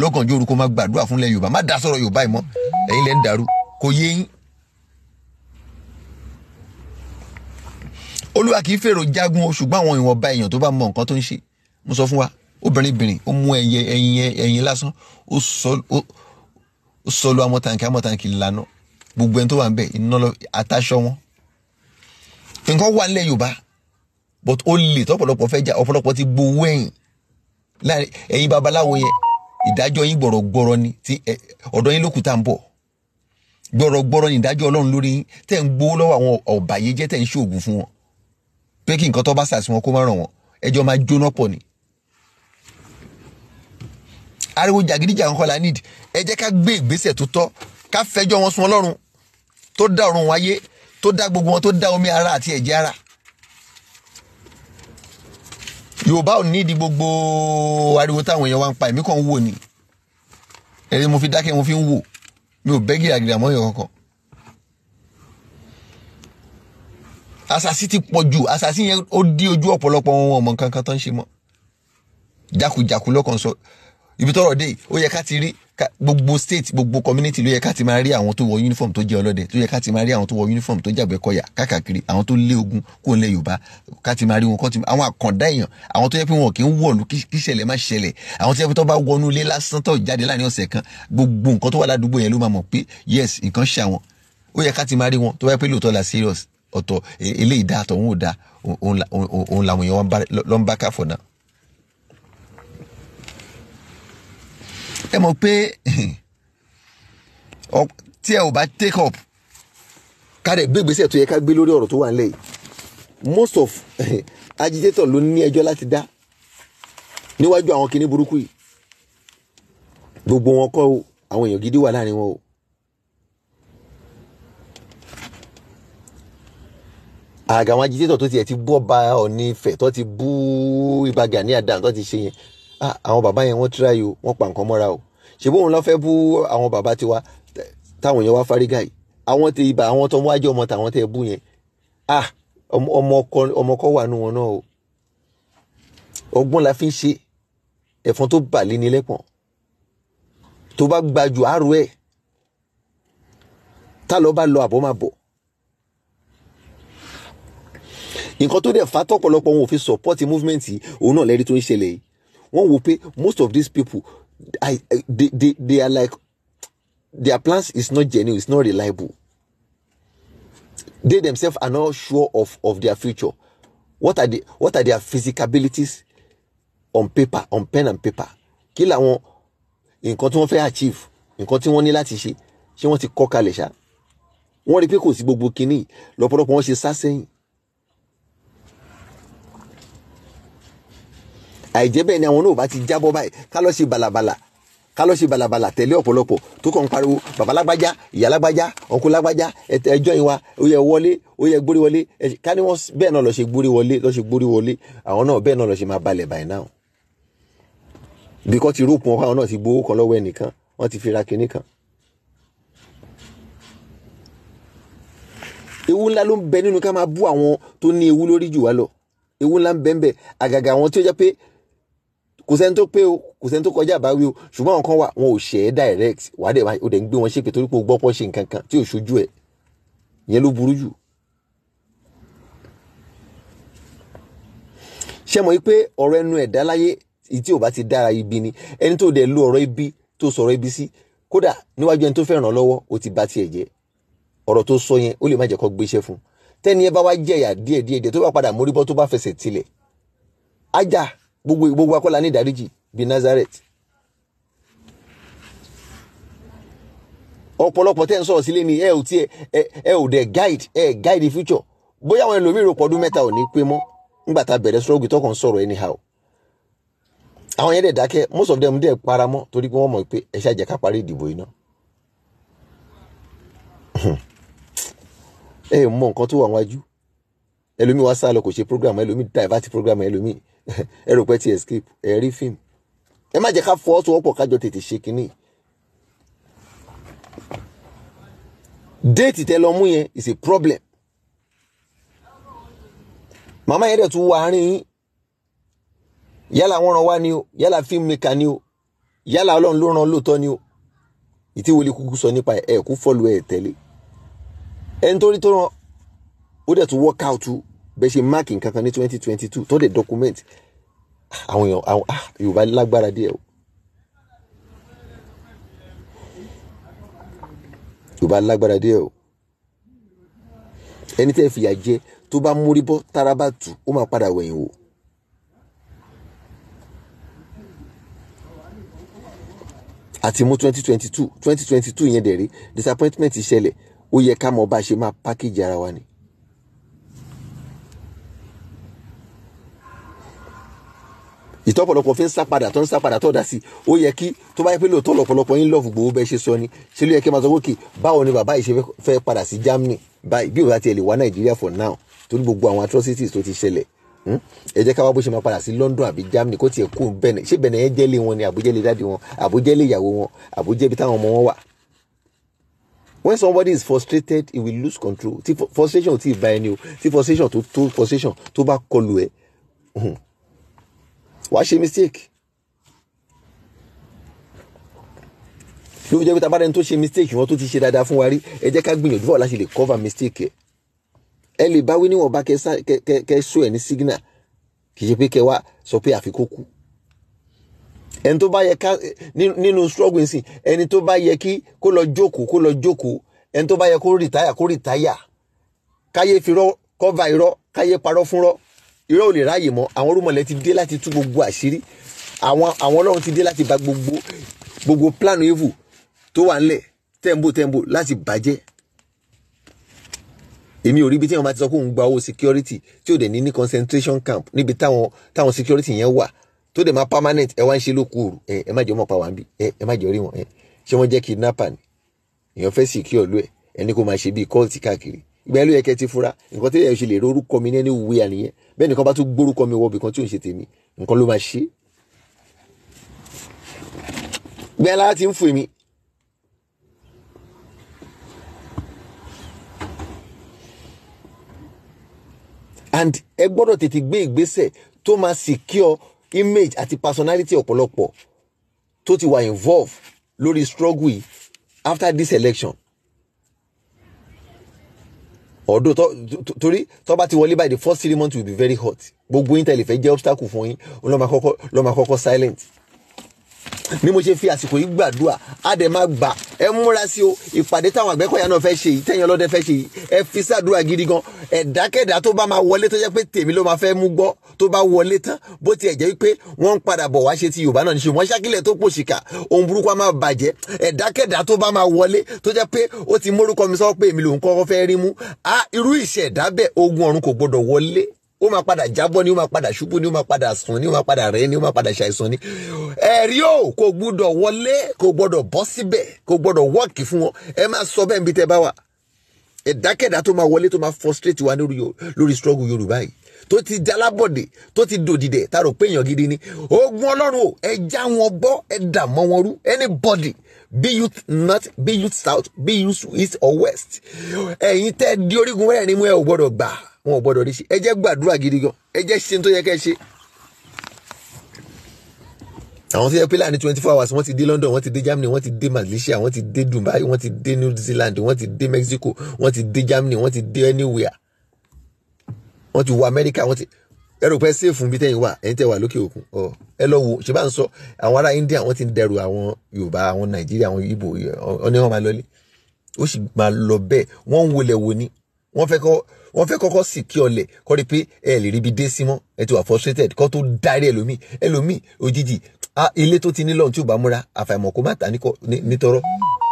[SPEAKER 1] lọ́gànjọ́ òru kó máa gbàdúrà fúnlẹ̀ yorùbá má dá sọ̀rọ̀ yorùbá yìí mọ́ ẹ̀yin lẹ́ ń dàrú kò yé olúwa kì í fèrò jagun o ṣùgbọ́n àwọn ìwọ̀nba èèyàn tó bá mọ nǹkan tó ń ṣe mo sọ fún wa obìnrin bìnrin ó mú ẹyẹ ẹyin ẹyin lásán ó sọlu amọ̀tànkì amọ̀tànkì lànà gbogbo ẹni tó wà ń bẹ iná lọ àtàṣọ wọn nǹkan wà nílẹ̀ yorùbá but ó lè tọ́pọ̀lọpọ̀ fẹ́ jà ọ̀pọ̀lọpọ̀ ti gbowó ẹ̀yìn láàrin ẹ̀yin babaláwo yẹn ìdájọ́ yín gbọ̀rọ̀gbọ̀rọ̀ ni ti ọ̀dọ̀ yín lókùtà ń bọ̀ gbọ̀rọ̀gbọ̀rọ̀ ni ìdájọ́ ọlọ́run lórí yín tẹ̀ ń gbowó lọ́wọ́ àwọn ọ̀bàyéjẹ́ tẹ̀ ń ṣoògùn fún wọn pé kí nǹkan tó bá sàsí wọn kó má ràn wọn ẹjọ́ máa jóná pọ̀ ni. ariwo jàgídíjà ń kọ́la nídìí ẹ jẹ́ ká gbé ìgbésẹ̀ tó tọ́ ká fẹjọ́ wọn sùn ọlọ́run tó dá ọ̀run wọn ayé tó dá gbogbo wọn tó dá omi ara àti ẹ̀jẹ̀ ara. yorùbá ò ní ìdí gbogbo ariwo táwọn èèyàn wa ń pa èmi kàn ń wò ni ẹni mo fi dákẹ́ mo fi ń wò mi ò bẹ́ gíragíra mọ́ èèyàn kankan àṣàsí ti pọ̀ jù àṣàsí yẹn ó dí ojú ọ̀pọ̀lọpọ̀ ohun ọmọ kankan tó ń ṣe mọ́ jákujàku lọ́kàn sọ ibi tọrọ dé ó yẹ ká ti rí gbogbo state gbogbo community lo yẹ ká ti máa àwọn tó wọ uniform tó jẹ ọlọ́dẹ tó yẹ ká ti máa àwọn tó wọ uniform tó jàgbẹ́ kọ̀yà káàkiri àwọn tó lé ogun kó ń lẹ Yorùbá ká ti máa rí wọn kọ́ ti àwọn àkàndá èèyàn àwọn tó yẹ pé wọn kì í wọ̀lú kí ìṣẹ̀lẹ̀ má ṣẹlẹ̀ àwọn tó yẹ pé tó bá wọnú ilé lásán tó jáde láàrin ọ̀sẹ̀ kan gbogbo nǹkan tó wà ládùúgbò yẹn ló máa mọ̀ pé yes nǹkan ṣe àwọn ó yẹ ká ti máa wọn tó bá yẹ pé lóòótọ́ la serious ọ̀tọ̀ e-, eléyìí dáa tọ̀hún ò dáa òun làwọn èèyàn ló ń bá káfọ̀ náà. ẹ mọ̀ pé (clears throat) tí ẹ ò bá take up kárẹ̀ gbé ìgbésẹ̀ tó yẹ ká gbé lórí ọ̀rọ̀ tó wà nílẹ̀ yìí most of (clears throat) agitator ló ní ẹjọ́ láti dá níwájú àwọn kinní burúkú yìí gbogbo wọn kọ́ àwọn èèyàn gidi wà láàrin wọn o àgà àwọn tó tiẹ̀ ti bú ọba Ọọ̀ni Ifẹ̀ tó ti bú Ìbà Gani Adams tó ti ṣe yẹn ah, àwọn bàbá yẹn wọ́n tíráyò wọ́n pa nǹkan mọ́ra o ṣe bóun lọ́ fẹ́ bú àwọn bàbá tiwa táwọn yẹn wá fárígà yìí àwọn tẹ ibà àwọn tó ń wájú ọmọ tàwọn tẹ bú yẹn ah ọmọ ọkọ wà nù wọn náà o ọgbọ́n la fi ń ṣe ẹ̀fọn tó bà lé ní lẹ́pọ̀n tó bá gbajù àárọ̀ ẹ̀ tá lọ́ bá lọ àbọ̀ máa bọ̀ nǹkan tó dẹ̀ fa tọ́pọ̀lọpọ̀ wọn ò fi support movement yìí òun náà lẹ́rí tó ń ṣẹlẹ̀ yìí wọ́n wò pé most of these people I, I, they, they, they are like their plans is not genuine it's not reliable they themselves are not sure of of their future what are the what are their physicalities on paper on pen and paper kí làwọn nǹkan tí wọ́n fẹ́ achieve nǹkan tí wọ́n ní láti ṣe ṣé wọ́n ti kọ́ kalẹ̀ ṣá wọ́n rí i pé kò sí gbogbo kinní lọ́pọ̀lọpọ̀ wọ́n ṣe sá sẹ́yìn àìjẹ́ bẹ́ẹ̀ ni àwọn náà ò bá ti jábọ́ báyìí ká lọ sí balabala ká lọ sí balabala tẹ̀lé ọ̀pọ̀lọpọ̀ tó kàn ń pariwo bàbá lágbájá ìyá lágbájá ọkùn lágbájá ẹjọ́ ìwà ó yẹ wọlé ó yẹ gbórí wọlé ká ní wọ́n bẹ́ẹ̀ náà lọ ṣe gbórí wọlé lọ ṣe gbórí wọlé àwọn náà bẹ́ẹ̀ náà lọ ṣe máa balẹ̀ báyìí náà bíkọ́ ti rúpun ọkọ àwọn náà ti gbowó kan lọ́wọ́ ẹnìkan wọ́n ti fi ra kinní kan. ewu ńlá ló ń bẹ nínú ká máa bú àwọn tó ní ewu lórí jù wá lọ ewu ńlá ń bẹ ń àgàgà àwọn tí ó jẹ́ pé kò sẹ́ni tó pé o kò sẹ́ni tó kọjá àbáwí o ṣùgbọ́n àwọn kan wà wọn ò ṣe é direct wà á dẹ̀ o dẹ̀ ń gbé wọn ṣépè torí pé o gbọ́ pọ́ ṣe nǹkan kan tí ò ṣojú ẹ̀ yẹn ló burú jù. ṣé mọ̀ pé ọ̀rọ̀ ẹnu ẹ̀dá láyé tí ò bá ti dára ibi ni ẹni tó dẹ̀ lo ọ̀rọ̀ ibi tó sọ̀rọ̀ ibi sí kódà níwájú ẹni tó fẹ́ràn lọ́wọ́ ó ti bà tiẹ̀ jẹ́ ọ̀rọ̀ tó sọ yẹn ó lè má jẹ́ kó gbéṣẹ́ fún tẹ́ni ẹ bá wá jẹ̀yà díẹ̀díẹ̀ tó bá padà mórí bọ́ tó bá fẹsẹ̀ tilẹ̀ ajá gbogbo gbogbo akọ́la ní ìdáríjì bí Nazareth. ọ̀pọ̀lọpọ̀ tẹ́ ń sọ̀rọ̀ sílé ni ẹ ò tiẹ̀ ẹ ò dẹ̀ guide ẹ guide the future bóyá àwọn ẹlòmíì rò pọ̀dún mẹ́ta ò ní pé mọ́ nígbà tá a bẹ̀rẹ̀ struggle tó kàn sọ̀rọ̀ anyhow. àwọn yẹn dẹ̀ dákẹ́ most of them dẹ̀ para mọ́ torí pé wọ́n mọ̀ pé ẹ ṣàjẹ́ ká parí ìdìbò iná. ẹ mọ nǹkan tó wà wájú ẹlòmíì wá sá kò ṣe program ẹlòmíì divert program ẹlòmíì ẹ rò pé ti escape ẹ rí fíìmù ẹ má jẹ́ ká fọwọ́sowọ́pọ̀ kájọ tètè ṣe kínní. déètì tẹ lọ mú yẹn is a problem. màmá yẹn dẹ̀ tún wọ àárín yín yálà wọ́n ràn wá ni o yálà fíìmù mẹ́ka ni o yálà ọlọ́run ló ràn lóòótọ́ ni o ìtí wọlé kúkú sọ nípa ẹ̀ kú fọ́ọ̀lù ẹ̀ tẹ́lẹ̀ ẹni tó rí tó ràn ó dẹ̀ tún work out too bẹ́ẹ̀ ṣe máàkì nǹkan kan ní twenty twenty two tó dẹ̀ document àwọn èèyàn àwọn ah, yorùbá lágbára díẹ̀ o yorùbá lágbára díẹ̀ o ẹni tẹ́ fìyà jẹ tó bá múrí bọ́ tára bá tù ó máa padà wẹ̀yìn wò. àti mú twenty twenty two twenty twenty two yẹn dẹ̀ rí disappointment ṣẹlẹ̀ ó yẹ ká mọ̀ bá a ṣe máa package ara wa ni. ìtọ́pọ̀lọpọ̀ fi ń sá padà tó ń sá padà tó dà sí ó yẹ kí tó bá yẹ pé lóòótọ́ lọ́pọ̀lọpọ̀ yín lọ́ọ̀fù gbowó bẹ́ẹ̀ ṣe sọ ni ṣe ló yẹ kí ẹ máa sọ wókè báwo ni bàbá yìí ṣe fẹ́ padà sí Germany báyìí bí òun ti ẹ̀ lè wá Nàìjíríà for now torí gbogbo àwọn atrocities tó ti ṣẹlẹ̀ hmm? ẹ jẹ́ ká wá bó ṣe máa padà sí London àbí Germany kó tiẹ̀ kú bẹ̀nẹ̀ ṣé bẹ̀nẹ̀ yẹn jẹ́lé wọn ni àbújẹ́lé dáàdi wọn àbújẹ́lé ìyàwó wọn àbújẹ́bi táwọn ọmọ wọn wà. when somebody is frustrated he will lose control tí frustration ò tí ì bá ẹni o tí frustration tó tó frustration tó bá kọlù ẹ hmm, wàá ṣe mistake ló jẹ́ pé tá a bá dẹni tó ṣe mistake wọn tó ti ṣe dáadáa fún wa rí ẹ jẹ́ ká gbìyànjú báwo la ṣe lè cover mistake ẹ̀ ẹ lè bá wí níwọ̀n bá kẹ ṣó ẹ̀ ní signal kì í ṣe pé kẹ wá sọ pé àfi kó kú ẹni tó bá yẹ ká nínú struggle nsìn ẹni tó bá yẹ kí kó lọ jókòó kó lọ jókòó ẹni tó bá yẹ kó rìtáyà kó rìtáyà káyé fi rọ cover irọ́ káyé parọ́ fún rọ́ irọ́ ò lè ráàyè mọ́ àwọn orúmọlẹ̀ ti dé láti tú gbogbo àṣírí àwọn àwọn ọlọ́run ti dé láti bà gbogbo gbogbo plan evil tó wà ńlẹ̀ tẹ́ǹbù tẹ́ǹbù láti bàjẹ́ èmi ò rí ibi tí wọ́n bá ti sọ pé òun gba owó security tí ò dẹ̀ ní ní concentration camp níbi táwọn táwọn security yẹn wà tó dẹ̀ máa permanent ẹ wá ń ṣe lókùúrù ẹ ẹ má jẹ́ ọmọ pa wá ń bí ẹ ẹ má jẹ́ orí wọn ẹ ṣé wọ́n jẹ́ kidnapper ni èèyàn fẹ́ secure lú ẹ ẹni kó máa ṣe bíi cult káàkiri ìgbà ló yẹ kẹ́ ti fura nǹkan tí èèyàn ṣe lè rí mi ní ẹni nìyẹn bẹ́ẹ̀ nìkan bá tún gbórúkọ mi wọ ibìkan tí ò ń ṣe tèmi nǹkan ló máa ṣe. bẹ́ẹ̀ láti ń fún mi and ẹ gbọ́dọ̀ tètè gbé ìgbésẹ̀ tó máa secure image àti personality ọ̀pọ̀lọpọ̀ tó ti wà involve lórí struggle yìí after this election ọ̀dọ̀ torí tó bá ti wọlé by the first three months will be very hot gbogbo intel ìfẹ́ jẹ́ obstacle fún yín lọ́ọ́ máa kọ́kọ́ silent ni mo ṣe fi àsìkò yìí gbàdúrà á dẹ̀ máa gbà ẹ múra sí o ìpàdé táwọn Àgbẹ̀kọ̀yà náà fẹ́ ṣe yìí tẹ̀yìn ọlọ́dẹ fẹ́ ṣe yìí ẹ fi sàdúrà gidi gan ẹ̀dákẹ́dá tó bá máa wọlé tó jẹ́ pé tèmi ló máa fẹ́ mú gbọ́ tó bá wọlé tán bó tiẹ̀ jẹ́ pé wọ́n ń padà bọ̀ wá ṣe ti Yorùbá náà ní ṣùgbọ́n ṣákìlẹ̀ tó pò ṣìkà ohun burúkú á máa bàjẹ́ ẹ̀dákẹ́dá tó bá máa wọlé tó jẹ́ pé ó ti mórúkọ mi sọ pé èmi lòun kọ́kọ́ fẹ́ rí mú ah irú ìṣẹ̀dá bẹ́ẹ̀ ogun ọ̀run kò gbọdọ̀ wọlé ó máa padà jábọ́ ni ó máa padà ṣubú ni ó máa padà sùn ni ó máa padà rẹ̀ ni ó máa padà ṣàìsàn ni ẹ̀rí o kò gbọ́dọ̀ wọlé kò gbọ́dọ̀ bọ́ síbẹ̀ kò gbọ́dọ̀ wọ́ọ̀kì fún wọn ẹ máa sọ bẹ́ẹ̀ níbi tẹ́ bá wà ẹ̀dákẹ́dá tó máa wọlé tó máa frustrate wa lórí struggle Yorùbá yìí tó ti jalábọ̀dé tó ti dòdìdẹ̀ tá a rò pé èèyàn gidi ni ogun ọlọ́run o ẹ já wọn bọ́ ẹ dà mọ́ wọn rú anybody be youth north be youth south be youth east or west ẹ̀yin tẹ́ di orígun wẹ́rẹ́ ni mo ẹ ò gbọ́dọ̀ gbà wọn ò gbọ́dọ̀ rí ṣe ẹ jẹ́ gbàdúrà gidi gan ẹ jẹ́ ṣe tó yẹ kẹ́ ṣe. àwọn tó yẹ pé láàrin twenty four hours wọ́n ti dé London wọ́n ti dé Germany wọ́n ti dé Malaysia wọ́n ti dé Dubai wọ́n ti dé New Zealand wọ́n ti dé Mexico wọ́n ti dé Germany wọ́n ti dé anywhere wọ́n ti wọ America wọ́n ti ẹrù pẹ́ sí èfún bí tẹ́yìn wà ẹ̀yin tẹ́ wà lókè òkun ọ ẹ lọ wo ṣe bá ń sọ àwọn ará India wọ́n ti ń dẹrù àwọn Yorùbá àwọn Nàìjíríà àwọn Ìgbò ọ ní wọ́n máa lọlé ó sì máa lọ bẹ́ẹ̀ wọ́n ń wọlé wo ni wọ́n fẹ́ kọ́ wọ́n fẹ́ kọ́kọ́ sì kí ọlẹ̀ kọ́ rí pé ẹ lè rí ibi dé sí mọ́ ẹ ti wà frustrated kọ́ tó darí ẹlòmíì ẹlòmíì òjijì ilé tó ti ní lọ́run tí ò bá múra àfàìmọ̀ kó má ta nítọ́rọ́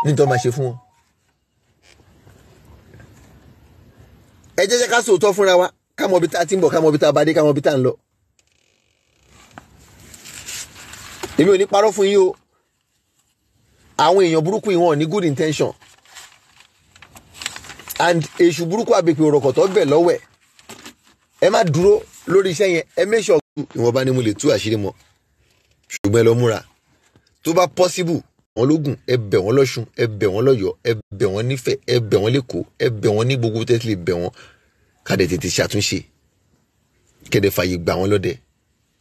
[SPEAKER 1] nítọ́ máa ṣe fún wọn. ẹ jẹ́jẹ́ ká sòótọ́ fúnra wa ká mọ ibi tá a ti ń bọ̀ ká mọ ibi tá a bá dé ká mọ ibi tá a ń lọ. èmi ò ní parọ́ fún yín o àwọn èèyàn burúkú yìí wọn ò ní good intention and èṣù burúkú àbèpè òròkọ̀tọ̀ bẹ̀ lọ́wọ́ ẹ̀ ẹ má dúró lórí iṣẹ́ yẹn ẹ make sure ìwọ̀nba ni mo lè tú àṣírí mọ́ ṣùgbọ́n ẹ lọ múra tó bá possible wọn lógùn ẹ bẹ̀ wọ́n lọ́ṣun ẹ bẹ̀ wọ́n lọ́yọ́ ẹ bẹ̀ wọ́n nífẹ̀ ẹ bẹ̀ wọ́n lẹ́kọ̀ọ́ ẹ bẹ̀ wọ́n ní gbogbo tẹ́tí lè bẹ̀ wọ́n kàdé tètè ṣàtúnṣe kẹ̀dẹ̀ fàyè gbà wọ́n lọ́dẹ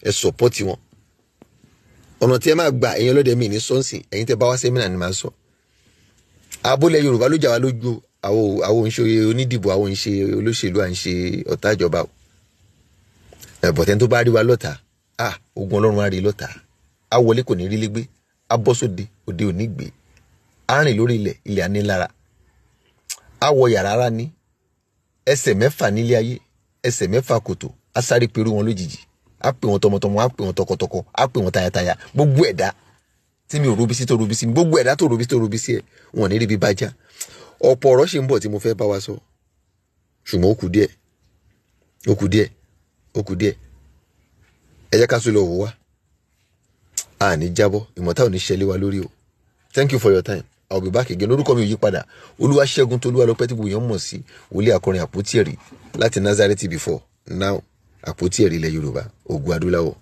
[SPEAKER 1] ẹ sọ̀pọ́tì wọn ọ̀nà tí ẹ máa gbà ẹ̀yin ọlọ́dẹ mi ní sọ́ọ̀sì ẹ̀yin tẹ́ bá wá sẹ́mínà ni màá sọ abúlé Yorùbá ló jà wá lójú àwọn àwọn ń ṣe onídìbò àwọn ń ṣe olóṣèlú à ń ṣe ọ̀tá ìjọba o ẹ̀bọ̀tẹ́ni tó bá rí wa lọ́ta a ogun ọlọ́run á rí lọ́ta a wọlé kò ní rí lé gbé a bọ́ sóde òde òní gbé a rìn lórí ilẹ̀ ilẹ̀ anílára a wọ yàrá ara ní ẹsẹ̀ mẹ́fà nílé ayé ẹsẹ̀ mẹ́fà kòtò a sáré perú wọn lójijì a pè wọn tọmọtọmọ a pè wọn tọkọtọkọ a pè wọn tayataya gbogbo ẹ̀dá tí mi ò rubisi tó rubisi mi gbogbo ẹ̀dá tó rubisi tó rubisi ẹ̀ wọn ní ríbi bá já ọ̀pọ̀ ọ̀rọ̀ ṣì ń bọ̀ tí mo fẹ́ bá wa sọ ṣùgbọ́n ó kù díẹ̀ ó kù díẹ̀ ó kù díẹ̀ ẹ jẹ́ ká tún lọ wò wá àní jábọ́ ìmọ̀ta ò ní ṣẹlẹ̀ wa lórí o thank you for your time i'll be back again orúkọ mi ò yí padà olúwaṣẹ́gun tolúwalọ́pẹ́ tí gbogbo èèyàn mọ̀ sí wòlíì akọrin àpótí ẹ̀rí láti nazareth before now àpótí ẹ̀rí ilẹ̀ yorùbá ògùn adúláwọ̀